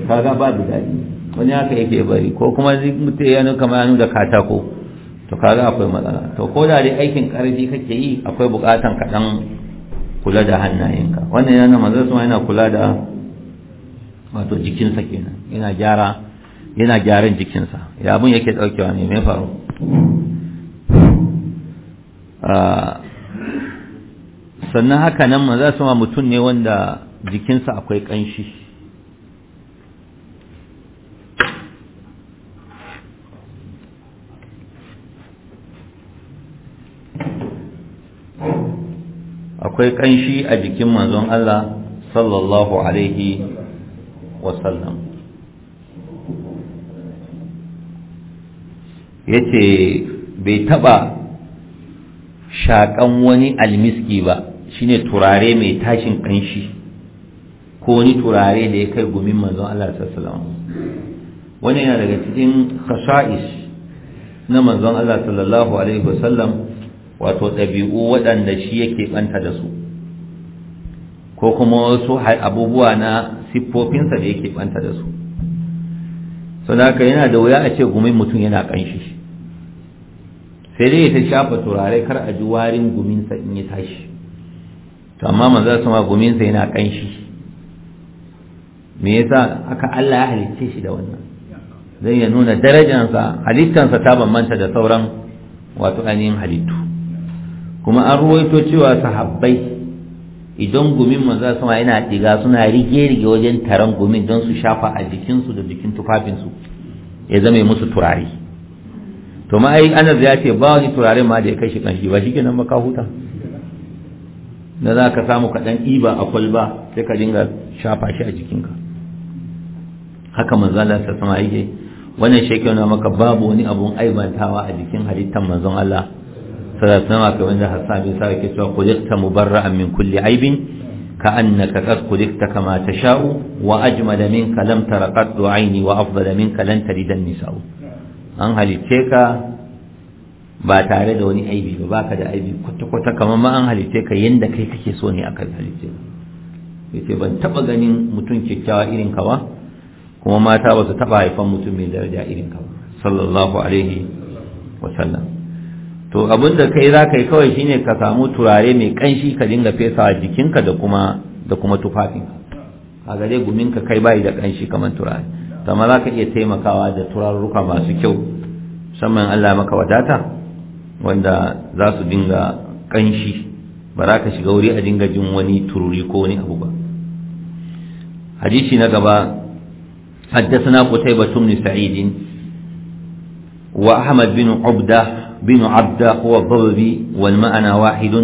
kaga babu daɗi wani haka yake bari ko kuma mutum ya nuka ma da katako to kaga akwai matsala to ko da dai aikin karfi kake yi akwai bukatan ka dan kula da hannayenka wannan yana manzo sama yana kula da wato jikinsa kenan yana gyara yana gyaran jikinsa ya abun yake daukewa ne mai faru ah, sannan haka nan manzo sama mutum ne wanda jikinsa akwai kanshi akwai kanshi a jikin manzon Allah sallallahu alaihi wasallam ya ce bai taɓa shaƙan wani almiski ba shine turare mai tashin kanshi ko wani turare da ya kai gumin manzon Allah sallallahu alaihi wani yana daga cikin khasa'is na manzon Allah sallallahu alaihi wasallam wato ɗabi'u waɗanda shi yake ɓanta da su ko kuma wasu abubuwa na siffofinsa da yake ɓanta da su sau haka yana da wuya a ce gumin mutum yana ƙanshi sai dai ta shafa turare kar a ji warin guminsa in ya tashi to amma su ma guminsa yana ƙanshi me yasa aka Allah ya halicce shi da wannan zai ya nuna darajansa halittansa ta bambanta da sauran wato ainihin halittu kuma an ruwaito cewa sahabbai idan gumin maza sama yana diga suna rige rige wajen taron gumin don su shafa a jikinsu da jikin tufafinsu ya zama musu turare to ma ai anas ya ce ba wani turare ma da ya kashi kanshi ba shikenan nan ka huta na za ka samu kaɗan iba a kwalba sai ka dinga shafa shi a jikinka haka manzon Allah sama yake wannan na maka babu wani abun aibantawa a jikin halittar manzon Allah sallallahu kamar da Hassan bin Sa'id ke cewa kulikta mubarra'an min kulli aibin ka annaka qad kulikta kama tasha'u wa ajmala minka lam tara da aini wa afdala minka lan tarida nisa'u an halice ka ba tare da wani aibi ba baka da aibi kwata kwata kamar ma an halice ka yanda ka kake so ne aka halice yace ban taba ganin mutum kyakkyawa irin ka ba kuma mata ba su taba haifan mutum mai daraja irin ka ba sallallahu alaihi wa sallam to abin da kai za ka yi kawai shine ka samu turare mai kanshi ka dinga fesa a jikinka da kuma da kuma tufafinka a gare guminka kai bayi da kanshi kamar turare amma za ka iya taimakawa da turarruka masu kyau musamman Allah maka wadata wanda za su dinga kanshi ba za ka shiga wuri a dinga jin wani tururi ko wani abu ba hadisi na gaba حدثنا قتيبة بن سعيد وأحمد بن عبدة بن عبد هو الضببي والمعنى واحد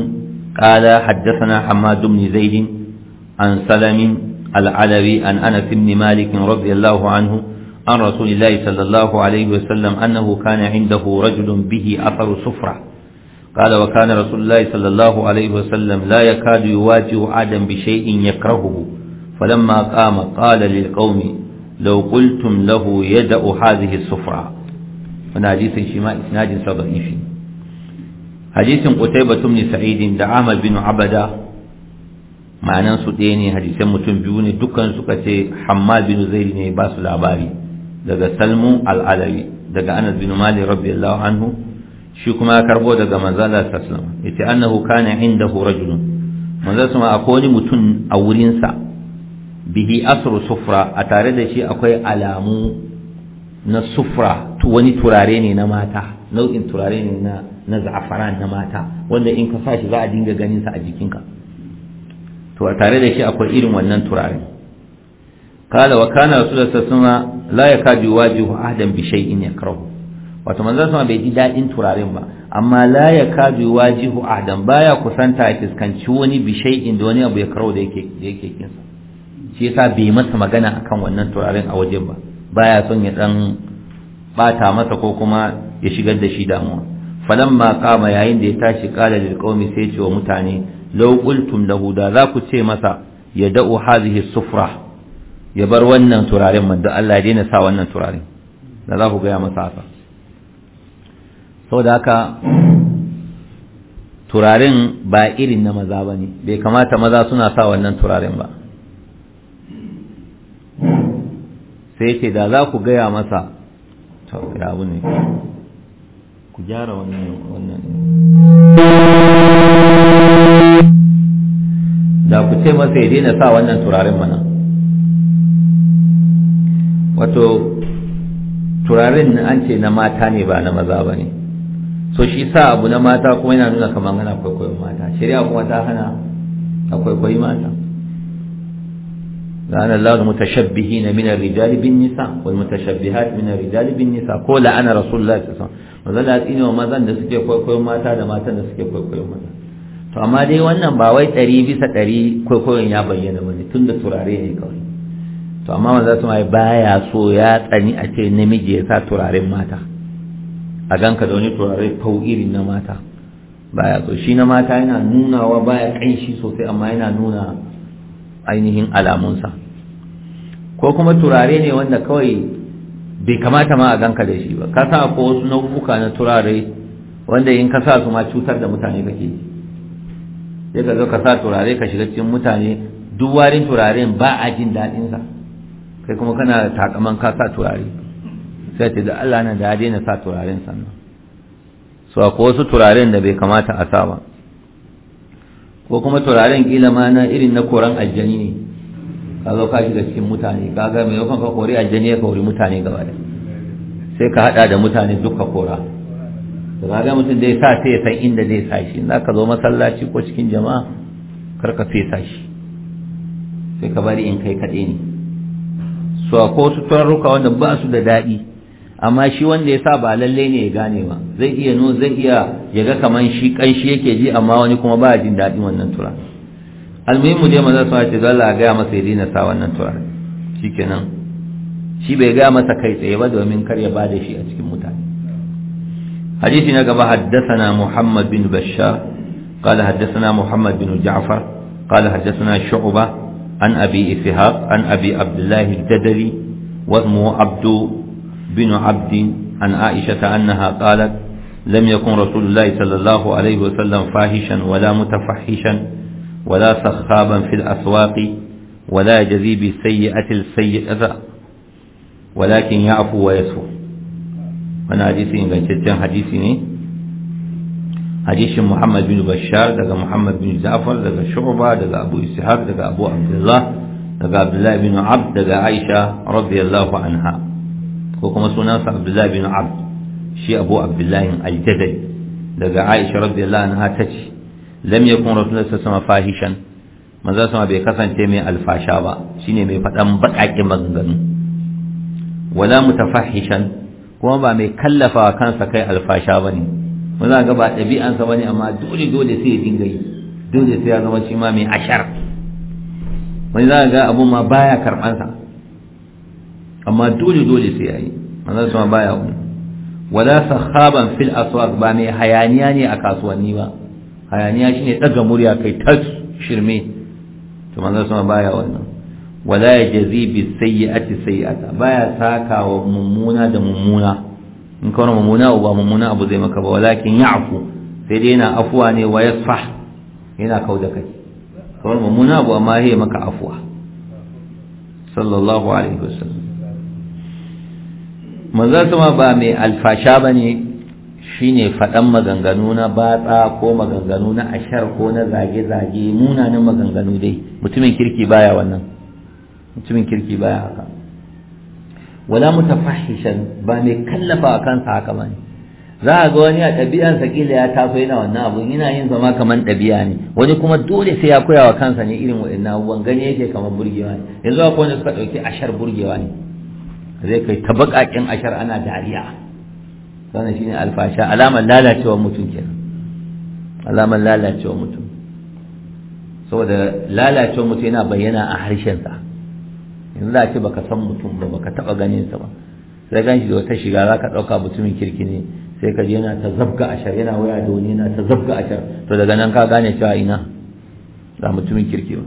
قال حدثنا حماد بن زيد عن سلم العلوي عن أنس بن مالك رضي الله عنه عن رسول الله صلى الله عليه وسلم أنه كان عنده رجل به أثر صفرة قال وكان رسول الله صلى الله عليه وسلم لا يكاد يواجه آدم بشيء يكرهه فلما قام قال للقوم لو قلتم له يدأ هذه الصفرة na hadisin shi ma isnadin sa da'ifi hadisin qutayba ibn sa'id da ahmad bin abada ma'anan su ɗaya ne hadisan mutum biyu ne dukkan suka ce hammad bin zaid ne ba su labari daga salmu al daga anas bin malik radiyallahu anhu shi kuma ya karbo daga manzala sallallahu alaihi wasallam yace annahu kana indahu rajulun manzala sama akwai wani mutum a wurinsa bihi asru sufra a tare da shi akwai alamu na sufra wani turare ne na mata nau'in turare ne na na za'afaran na mata wanda in ka sa shi za a dinga ganin sa a jikinka to a tare da shi akwai irin wannan turare kala wa kana rasulullahi sallallahu alaihi wasallam la yakadu wajihu ahadan bi shay'in yakrahu wato manzon sama bai ji dadin turaren ba amma la yakadu wajihu ahadan baya kusanta ya fuskanci wani bi shay'in da wani abu ya karau da yake da yake kinsa shi yasa bai masa magana akan wannan turaren a wajen ba baya son ya dan bata masa ko kuma ya shigar da shi damuwa falamma kama yayin da ya tashi kala lil qaumi sai ce wa mutane law qultum lahu da za ku ce masa ya da'u hadhihi sufra ya bar wannan turaren man da Allah ya daina sa wannan turaren da za ku ga masa haka saboda haka turaren ba irin na maza bane bai kamata maza suna sa wannan turaren ba sai ce da za ku gaya masa to ya abu ne ku gyara wannan da ku ce masa ya daina sa wannan turaren mana wato turaren an ce na mata ne ba na maza ba ne so shi sa abu na mata kuma yana nuna kamar gana kwaikwayon mata Shirya kuma ta hana a kwaikwayi mata لعن الله المتشبهين من الرجال بالنساء والمتشبهات من الرجال بالنساء قول انا رسول الله صلى الله عليه وسلم mazalla tsine wa mazan da suke kwaikwayon mata da matan da suke kwaikwayon maza to amma dai wannan ba wai ɗari bisa ɗari kwaikwayon ya bayyana bane tun da turare ne kawai to amma maza su mai baya so ya tsani a ce namiji ya sa turaren mata a ganka da wani turare fau irin na mata baya so shi na mata yana nunawa baya ƙanshi sosai amma yana nuna ainihin alamunsa ko kuma turare ne wanda kawai bai kamata ma a ganka da shi ba ka sa ko wasu nau'uka na turare wanda yin ka sa su ma cutar da mutane kake ya ka zo ka sa turare ka shiga cikin mutane duk warin turaren ba a jin daɗinsa kai kuma kana takaman ka sa turare sai ce da Allah na da daina sa turaren sannan so ko wasu turaren da bai kamata a sa ba ko kuma turaren kila ma na irin na koran aljani ne ka zo ka shiga cikin mutane ka ga mai yakan ka kori aljani ya kori mutane gaba da sai ka hada da mutane duk kora to ka ga mutum zai sa sai ya san inda zai sa shi na ka zo masallaci ko cikin jama'a kar ka fesa shi sai ka bari in kai kaɗai ne su a ko su turaruka wanda ba su da daɗi amma shi wanda ya sa ba lalle ne ya gane ba zai iya no zai iya ya ga kaman shi kanshi yake ji amma wani kuma ba jin daɗin wannan tura almuhimmu dai maza su ce dole a gaya masa ya daina sa wannan tura shikenan shi bai gaya masa kai tsaye ba domin kar ya bada shi a cikin mutane hadisi na gaba haddathana muhammad bin bashar قال حدثنا محمد بن جعفر قال حدثنا شعبة عن أبي إسحاق عن أبي عبد الله الجدلي واسمه عبد بن عبد عن عائشة أنها قالت لم يكن رسول الله صلى الله عليه وسلم فاحشا ولا متفحشا ولا سخابا في الأسواق ولا يجزي بالسيئة السيئة ولكن يعفو ويسفو وانا حديثي انغانتجن حديثي ني حديث محمد بن بشار دغ محمد بن زعفر دغ شعبة دغ أبو إسحاق دغ أبو عبد الله دغ عبد الله بن عبد دغ عائشة رضي الله عنها ko kuma sunansa abdullahi bin abd shi abu abdullahi aljadari daga aisha radiyallahu anha ta ce lam yakun rasulullahi sallallahu alaihi fahishan manzo sama bai kasance mai alfasha ba shine mai fadan bakaƙe maganganu wala mutafahishan kuma ba mai kallafa kansa kai alfasha bane mun ga ba ɗabi'ansa bane amma dole dole sai ya dinga yi dole sai ya zama shi ma mai ashar wani za ga abun ma baya karɓansa amma dole dole sai yayi manzon sama baya ku wala sahaban fil aswaq ba mai hayaniya ne a kasuwanni ba hayaniya shine daga murya kai ta shirme to manzon sama baya wannan wala yajzi bi sayyi'ati sayyi'ata baya sakawa mummuna da mummuna in kawo mummuna ba mummuna abu zai maka ba walakin ya'fu sai dai yana afuwa ne wa yasfah yana kauda kai kawar mummuna abu amma yayi maka afuwa sallallahu alaihi wasallam manzo sama ba mai alfasha bane shine faɗan maganganu na batsa ko maganganu na ashar ko na zage-zage munanan maganganu dai mutumin kirki baya wannan mutumin kirki baya haka wala mutafahishan ba mai kallafa a kansa haka ba ne za a ga wani a ɗabi'ansa kila ya taso yana wannan abun yana yin zama kamar ɗabi'a ne wani kuma dole sai ya koya wa kansa ne irin waɗannan abubuwan gani yake kamar burgewa ne yanzu akwai wanda suka ɗauki ashar burgewa ne zai kai ta baƙaƙen ashar ana dariya wannan shine alfasha alamar lalacewa mutum kenan alamar lalacewa mutum saboda lalacewa mutum yana bayyana a harshen sa, yanzu za a ce baka san mutum ba baka taɓa ganinsa ba sai gan shi da wata shiga za ka ɗauka mutumin kirki ne sai ka je yana ta zabga ashar yana waya da wani yana ta zabga ashar to daga nan ka gane cewa ina ba mutumin kirki ba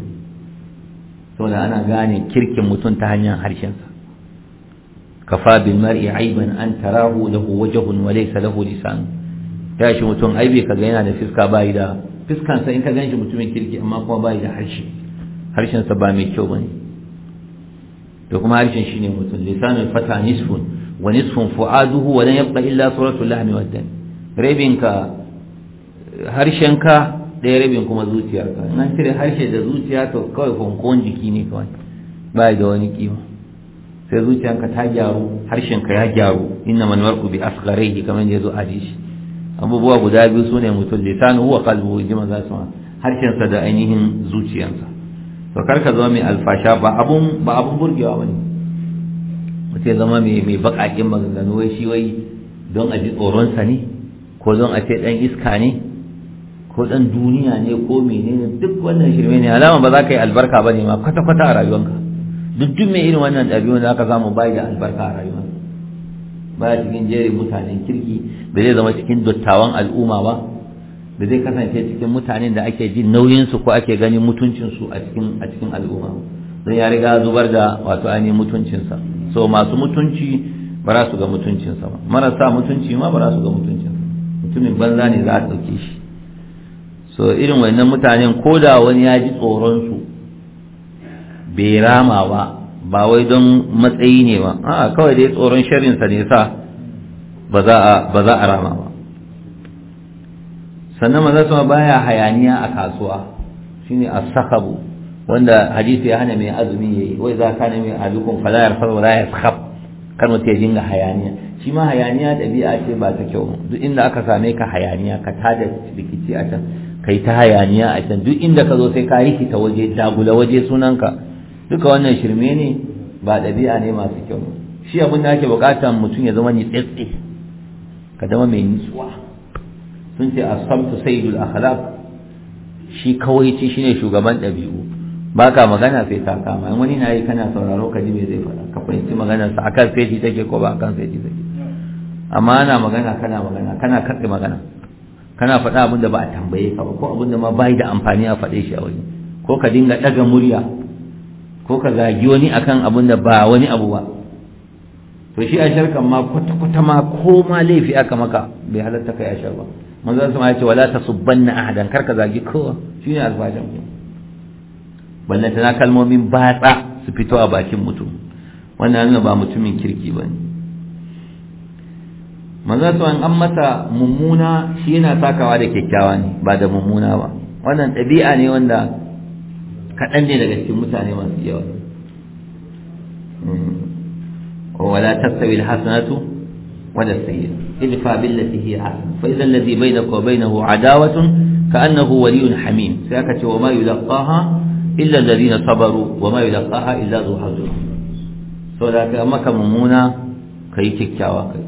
saboda ana gane kirkin mutum ta hanyar harshen sa. kafa bil mar'i aiban an tarahu lahu wajhun wa laysa lahu lisan ya mutum aibe kaga yana da fiska bai da fiskan sa in ka ganshi mutumin kirki amma kuma bai da harshe harshen sa ba mai kyau bane to kuma harshen shine mutum lisanul fata nisfun wa nisfun fu'aduhu wa lan yabqa illa suratul lahmi wad dam rabinka harshenka ɗaya rabin kuma zuciyarka nan cire harshe da zuciya to kawai kwankwan jiki ne kawai ba wani sai zuciyanka ta gyaru harshenka ya gyaru inna man marku bi asgharihi kaman yazo hadisi abubuwa guda biyu sune mutum lisanu wa qalbu inji manzo zasu harshensa da ainihin zuciyansa to karka zama mai alfasha ba abun ba abun burgewa bane mutai zama mai mai bakakin maganganu wai shi wai don a ji tsoron sa ne ko don a ce dan iska ne ko dan duniya ne ko menene duk wannan shirme ne alama ba za ka yi albarka bane ma kwata kwata a rayuwanka duk duk mai irin wannan ɗabi'u da aka samu bai da albarka a rayuwa baya cikin jerin mutanen kirki ba zai zama cikin dattawan al'umma ba ba zai kasance cikin mutanen da ake jin nauyinsu ko ake ganin mutuncinsu a cikin a cikin al'umma don ya riga zubar da wato ainihin mutuncinsa so masu mutunci ba za su ga mutuncinsa ba marasa mutunci ma ba za su ga mutuncinsa mutumin banza ne za a ɗauke shi so irin wannan mutanen ko da wani ya ji tsoronsu bai rama ba ba wai don matsayi ne ba a kawai dai tsoron shirinsa ne sa ba za a rama ba sannan maza sama baya hayaniya a kasuwa shine a sakabu wanda hadisi ya hana mai azumi ya yi wai za ka ne mai falayar fala yarfa wala sakab kar mutum ya dinga hayaniya shi ma hayaniya ɗabi'a ce ba ta kyau duk inda aka same ka hayaniya ka tada rikici a can kai ta hayaniya a can duk inda ka zo sai ka rikita waje dagula waje sunanka duka wannan shirme ne ba ɗabi'a ne masu kyau shi abin da ake bukatan mutum ya zama ni tsetse ka zama mai nutsuwa sun ce a asabtu sayyidul akhlaq shi kawai ci shine shugaban ɗabi'u ba ka magana sai ta kama in wani na yi kana sauraro ka ji me zai faɗa ka fahimci maganarsa akan sai take ko ba akan sai take amma ana magana kana magana kana karɓe magana kana faɗa abin da ba a tambaye ka ba ko abin da ma bai da amfani a faɗe shi a wani ko ka dinga ɗaga murya ko ka zagi wani akan abin da ba wani abu ba to shi a sharkan ma kwata-kwata ma ko ma laifi aka maka bai halatta kai shar ba manzo sama ya ce wala ta su ahadan kar ka zagi kowa shine alfajan balle tana kalmomin batsa su fito a bakin mutum wannan nuna ba mutumin kirki ba ne. manzo sama an masa mummuna shi yana sakawa da kyakkyawa ne ba da mummuna ba wannan ɗabi'a ne wanda kaɗan ne daga cikin mutane masu yawa hmm. wala tastawi alhasanatu wala sayyi'a idfa billati hiya ahsan fa idha alladhi bainaka wa bainahu adawatun ka'annahu waliyyun hamim sai aka ce wa ma yulqaha illa alladhina sabaru wa ma yulqaha illa dhu hazr ka mummuna kai kikkiawa kai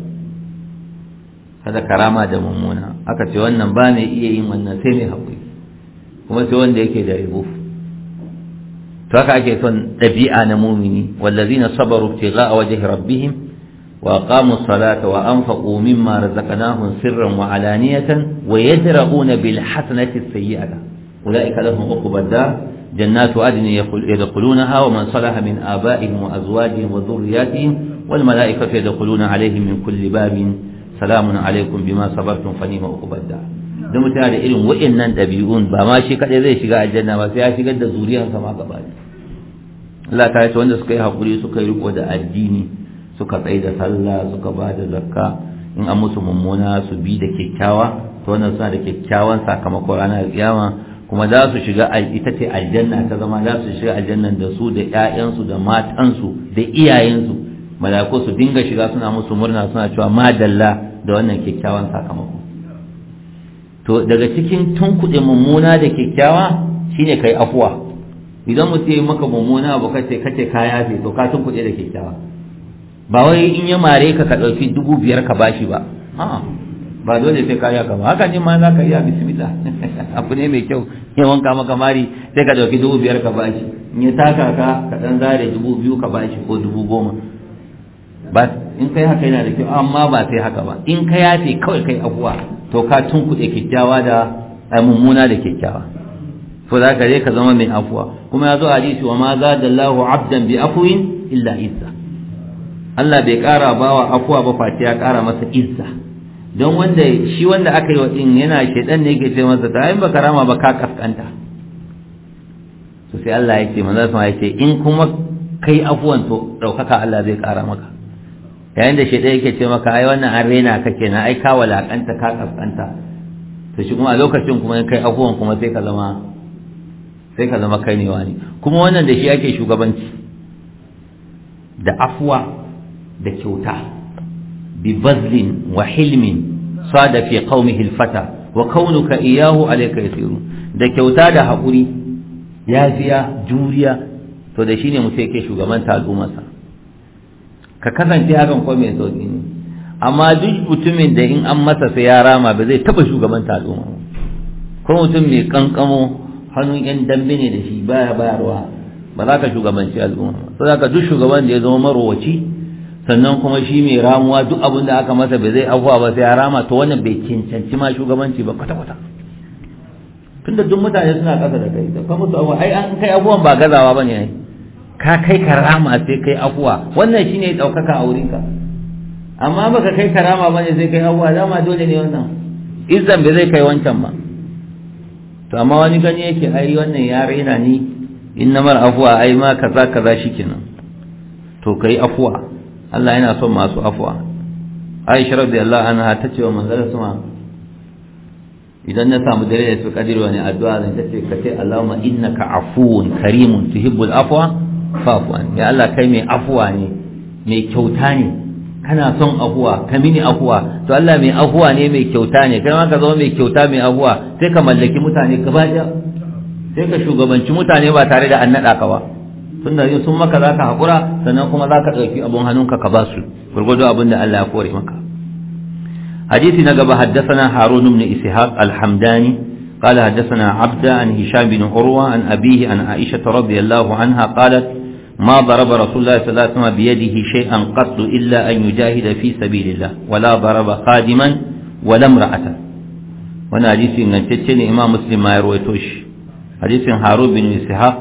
kada karama da mummuna aka ce wannan ba mai iya yin wannan sai mai haƙuri kuma sai wanda yake da ibu فكيف تبيئة نمومني والذين صبروا ابتغاء وجه ربهم وأقاموا الصلاة وأنفقوا مما رزقناهم سرا وعلانية ويدرؤون بالحسنة السيئة أولئك لهم عقب الدار جنات عدن يدخلونها ومن صلح من آبائهم وأزواجهم وذرياتهم والملائكة يدخلون عليهم من كل باب سلام عليكم بما صبرتم فنيم عقب الدار da mutane irin wa'in nan dabi'un ba ma shi kaɗai zai shiga aljanna ba sai ya shigar Allah ta yace wanda suka yi hakuri suka yi riko da addini suka tsaye da sallah suka ba da zakka in an musu mummuna su bi da kyakkyawa to wannan suna da kyakkyawan sakamako ranar kiyama kuma za su shiga ita ce aljanna ta zama za su shiga aljanna da su da ƴaƴansu da matansu da iyayensu malako su dinga shiga suna musu murna suna cewa madalla da wannan kyakkyawan sakamako to daga cikin tunkuɗe mummuna da kyakkyawa shine kai afuwa idan mutum ya maka mummuna abu kace kace ka yafe to ka tunkuɗe da kyakkyawa ba wai in ya mare ka ka ɗauki dubu biyar ka bashi ba ba dole sai ka yaka ba haka ne ma za ka yi a bismillah abu ne mai kyau ya wanka maka mari sai ka ɗauki dubu biyar ka bashi in ya taka ka ka ɗan zare dubu biyu ka bashi ko dubu goma ba in kai haka yana da kyau amma ba sai haka ba in ka yafe kawai kai abuwa to ka tunkuɗe kyakkyawa da eh, mummuna da kyakkyawa to za ka je ka zama mai afuwa kuma ya zo hadisi wa ma za da Allahu abdan bi afwin illa izza Allah bai ƙara bawa afuwa ba face ya kara masa izza don wanda shi wanda aka yi wa din yana shaidan ne yake ce masa ta in baka rama ba ka kaskanta to sai Allah ya ce manzo sama ya ce in kuma kai afuwan to daukaka Allah zai ƙara maka yayin da shaidan yake ce maka ai wannan an rena ka kenan ai ka walakanta ka kaskanta to shi kuma a lokacin kuma in kai afuwan kuma sai ka zama sai ka zama kai ne wani kuma wannan da shi ake shugabanci da afwa da kyauta bi bazlin wa hilmin sada fi qaumihi alfata wa kaunuka iyahu alayka yasiru da kyauta da hakuri yafiya juriya to da shine shugaban ta al'umma sa ka kasance hakan ko mai sauki ne amma duk mutumin da in an masa sai ya rama ba zai taba ta al'umma ko mutum mai kankamo hannun yan dambe ne da shi baya bayarwa ba za ka shugabanci al'umma sai za ka duk shugaban da ya zama marowaci sannan kuma shi mai ramuwa duk abin da aka masa bai zai afuwa ba sai ya rama to wannan bai cancanci ma shugabanci ba kwata-kwata tunda duk mutane suna ƙasa da kai da kuma su abuwa ai an kai abuwan ba gazawa ba ne ka kai rama sai kai afuwa wannan shine ɗaukaka a wurinka amma baka kai ba bane sai kai afuwa dama dole ne wannan izan bai zai kai wancan ba to amma wani gani yake ai wannan ya raina ni mara afuwa ai ma kaza kaza shikenan to kai afuwa Allah yana son masu afuwa Aisha radiyallahu anha ta ce wa manzon sama idan na samu dare da su kadir wani addu'a zan tace ka ce Allahumma innaka afuwun karimun tuhibbul afwa fa afwan ya Allah kai mai afuwa ne mai kyauta ne kana son afuwa ka mini afuwa to Allah mai afuwa ne mai kyauta ne kai ma ka zama mai kyauta mai afuwa sai ka mallaki mutane ka sai ka shugabanci mutane ba tare da an naɗa ka ba tunda yin sun maka zaka haƙura sannan kuma zaka ɗauki abun hannunka ka ba su gurgudu abin da Allah ya kore maka hadisi na gaba haddathana harun ibn ishaq alhamdani qala haddasa na abda an هشام bin hurwa an أبيه an عائشة رضي الله عنها ما ضرب رسول الله صلى الله عليه وسلم بيده شيئا قط إلا أن يجاهد في سبيل الله ولا ضرب خادما ولا امرأة وانا حديث ان تتشن امام مسلم ما يرويتوش حديث هارون بن اسحاق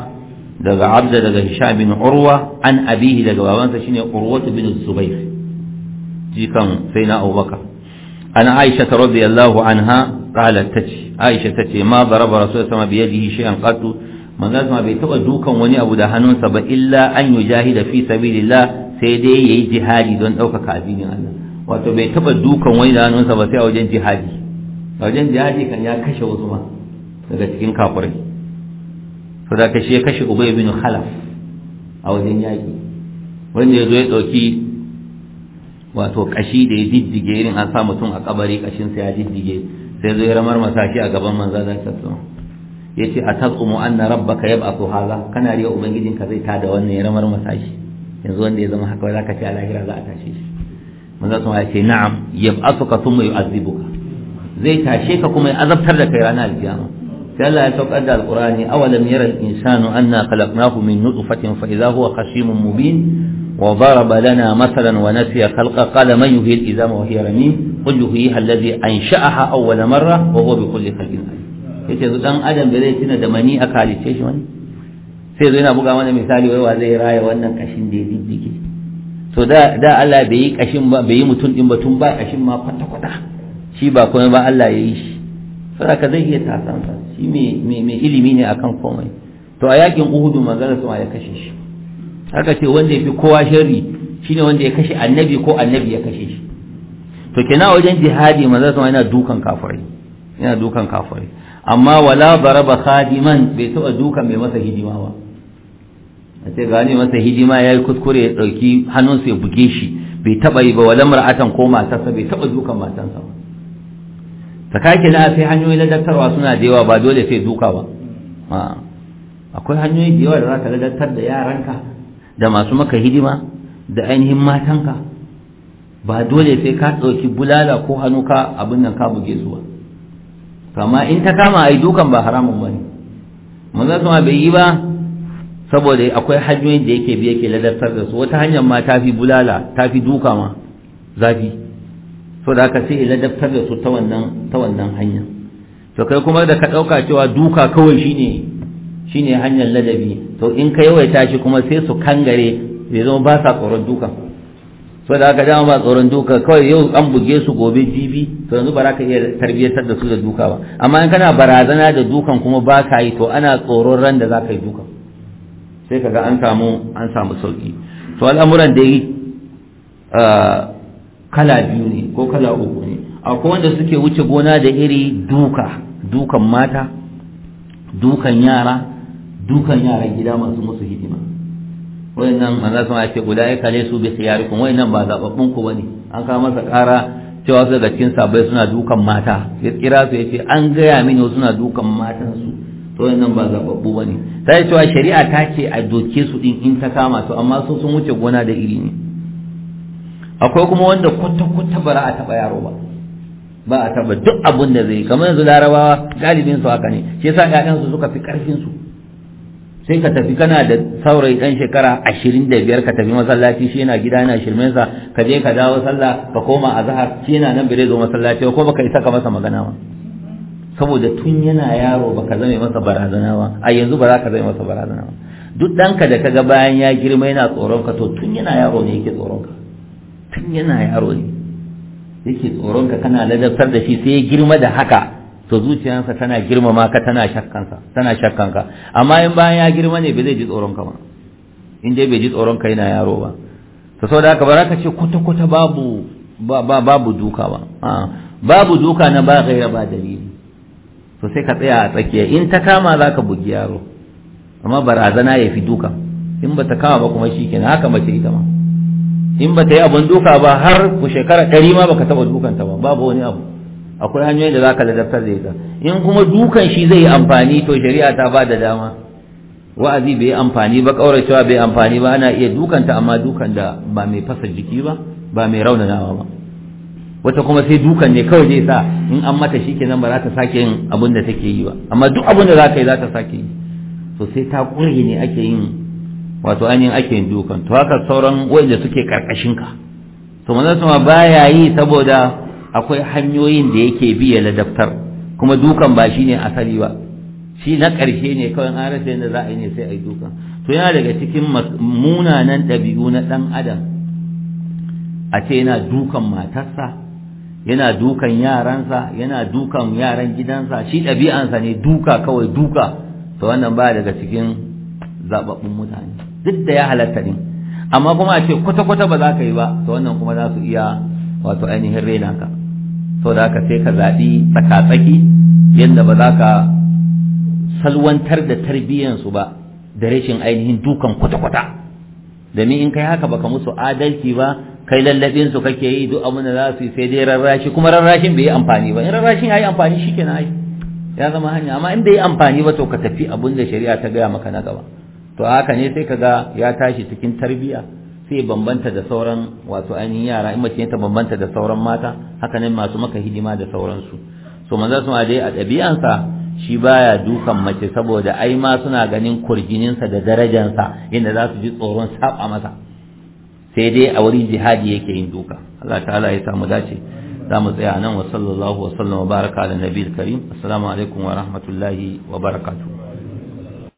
دغ عبد دغ هشام بن عروة عن أبيه دغ بابانسا شنو عروة بن الزبير جي كان سيدنا أبو بكر عن عائشة رضي الله عنها قالت تتش عائشة تتش ما ضرب رسول الله صلى الله عليه وسلم بيده شيئا قط manzo sama bai taba dukan wani abu da hannunsa ba illa an yujahida fi sabilillah sai dai yayi jihadi don ɗaukaka addinin Allah wato bai taba dukan wani da hannunsa ba sai a wajen jihadi a wajen jihadi kan ya kashe wasu ma daga cikin kafirai to da kashe ya kashe ubay bin khalaf a wajen yaki wanda ya zo ya dauki wato kashi da ya diddige irin an sa mutum a kabari kashin sa ya diddige sai zo ya ramar masa a gaban manzo Allah sallallahu alaihi wasallam yace atazumu anna rabbaka yab'athu hala kana riya ubangijinka zai tada wannan ya ramar masa shi yanzu wanda ya zama haka za ka ce a lahira za a tashi shi manzo sun ya ce na'am yab'athuka thumma yu'adhibuka zai tashe ka kuma ya azabtar da kai ranar alkiyama sai Allah ya saukar da alqur'ani awalam yara al-insanu anna khalaqnahu min nutfatin fa idha huwa khashimun mubin wa daraba lana masalan wa nasiya khalqa qala man yuhyi al-izama wa hiya ramim qul yuhyiha alladhi ansha'aha awwala marra wa huwa bi kulli khalqin alim yace yanzu dan adam da zai tuna da mani a kalice shi wani sai zai yana buga mana misali wai wa zai raya wannan kashin da ya jijjike to da da Allah bai yi kashin ba bai yi mutum din ba tun ba kashin ma kwata kwata shi ba komai ba Allah ya yi shi saboda zai iya tasansa shi mai me ilimi ne akan komai to a yakin Uhud Magana sama ya kashe shi haka ce wanda yafi kowa sharri shine wanda ya kashe annabi ko annabi ya kashe shi to kenan wajen jihadi maza sama yana dukan kafirai yana dukan kafirai amma wala baraba khadiman bai taɓa duka mai masa hidima ba a ce gani masa hidima ya yi kuskure ya ɗauki hannunsa ya buge shi bai taɓa yi ba wala mar'atan ko matarsa bai taɓa dukan matarsa ba sakaki na sai hanyoyi na suna da yawa ba dole sai duka ba akwai hanyoyi da yawa da za ka ladattar da yaranka da masu maka hidima da ainihin matanka ba dole sai ka ɗauki bulala ko hannu ka abin nan ka buge su ba kama in ta kama ai dukan ba haramun bane manzo kuma bai yi ba saboda akwai hanyoyin da yake bi yake ladabtar da su wata hanyar ma ta fi bulala ta fi duka ma zafi so da aka sai ya ladabtar da su ta wannan ta hanya to kai kuma da ka ɗauka cewa duka kawai shine shine hanyar ladabi to in ka yawaita shi kuma sai su kangare zai zama ba sa tsoron dukan ko da aka dama ba tsoron duka kawai yau an buge su gobe jibi to yanzu ba za ka iya tarbiyyar da su da duka ba amma in kana barazana da dukan kuma ba ka yi to ana tsoron ran da za ka yi dukan sai kaga an samu an samu sauki to al'amuran da yi ah, kala biyu ne ko kala uku ne akwai wanda suke wuce gona da iri duka dukan mata dukan yara dukan yaran gida masu musu hidima wayannan manzo sama ake guda ya kale su bi khiyarikum wayannan ba zababbun ku bane an kawo masa ƙara cewa su daga cikin sabai suna dukan mata ya kira su yace an gaya mini suna dukan matan su to wayannan ba zababbu bane sai yi cewa shari'a ta ce a doke su din in ta kama su amma su sun wuce gona da iri ne akwai kuma wanda kwata kwata bara a taba yaro ba ba a taba duk abun da zai kamar yanzu larabawa galibin su haka ne shi yasa ƴaƴan su suka fi karfin su sai ka tafi kana da saurayi ɗan shekara ashirin da biyar ka tafi masallaci shi yana gida yana shirmensa ka je ka dawo sallah ka koma a zahar shi yana nan bai zo masallaci ko baka isa ka masa magana ba saboda tun yana yaro baka zame masa barazana ba a yanzu ba za ka zame masa barazana ba duk ɗanka da kaga bayan ya girma yana tsoron ka to tun yana yaro ne yake tsoron ka tun yana yaro ne yake tsoron ka kana ladabtar da shi sai ya girma da haka to zuciyarsa tana girmama ka tana shakkanka tana shakkanka amma in bayan ya girma ne bai zai ji tsoron ka ba in dai bai ji tsoron ka yana yaro ba to saboda haka ba za ka ce kwata kwata babu babu duka ba babu duka na ba gaira ba dalili to sai ka tsaya a tsakiya in ta kama za ka bugi yaro amma barazana ya fi duka in ba ta kama ba kuma shi kenan haka mace ita ma in ba ta yi abun duka ba har ku shekara ɗari ma baka taɓa dukanta ba babu wani abu akwai hanyoyi da zaka ladabtar da ita in kuma dukan shi zai yi amfani to shari'a ta ba da dama wa'azi bai amfani ba cewa bai amfani ba ana iya dukanta amma dukan da ba mai fasa jiki ba ba mai raunanawa ba wata kuma sai dukan ne kawai zai sa in an mata shi kenan ba za ta sake yin abin da take yi ba amma duk abin da za ka yi za ta sake yi to sai ta ƙure ne ake yin wato ainihin ake yin dukan to haka sauran wanda suke karkashin ka to manzon sama baya yi saboda akwai hanyoyin da yake bi ya ladabtar kuma dukan ba shine asali ba shi na ƙarshe ne kawai an rasa yadda za a yi ne sai a yi dukan to yana daga cikin munanan ɗabi'u na ɗan adam a ce yana dukan matarsa yana dukan yaransa yana dukan yaran gidansa shi ɗabi'ansa ne duka kawai duka to wannan ba daga cikin zaɓaɓɓun mutane duk da ya halatta ne amma kuma a ce kwata-kwata ba za ka yi ba to wannan kuma za su iya wato ainihin raina ka to da ka sai ka zaɓi tsaka-tsaki, yadda ba za ka salwantar da tarbiyyansu ba da rashin ainihin dukan kwata-kwata domin in kai haka baka musu adalci ba kai lallabin su kake yi duk abin da za su yi sai dai rarrashi kuma rarrashin bai yi amfani ba in rarrashin ya yi amfani shi na ai ya zama hanya amma in bai yi amfani ba to ka tafi abin da shari'a ta gaya maka na gaba to haka ne sai ka ga ya tashi cikin tarbiyya sai bambanta da sauran wato ainihin yara in mace ta bambanta da sauran mata haka nan masu maka hidima da sauransu so manzo sun dai a ɗabi'ansa shi baya dukan mace saboda ai ma suna ganin kurjininsa da darajansa inda za su ji tsoron saba masa sai dai a wurin jihadi yake yin duka Allah ta'ala ya samu dace za mu tsaya nan wa sallallahu wa sallam wa baraka da nabiyil karim assalamu alaikum wa rahmatullahi wa barakatuh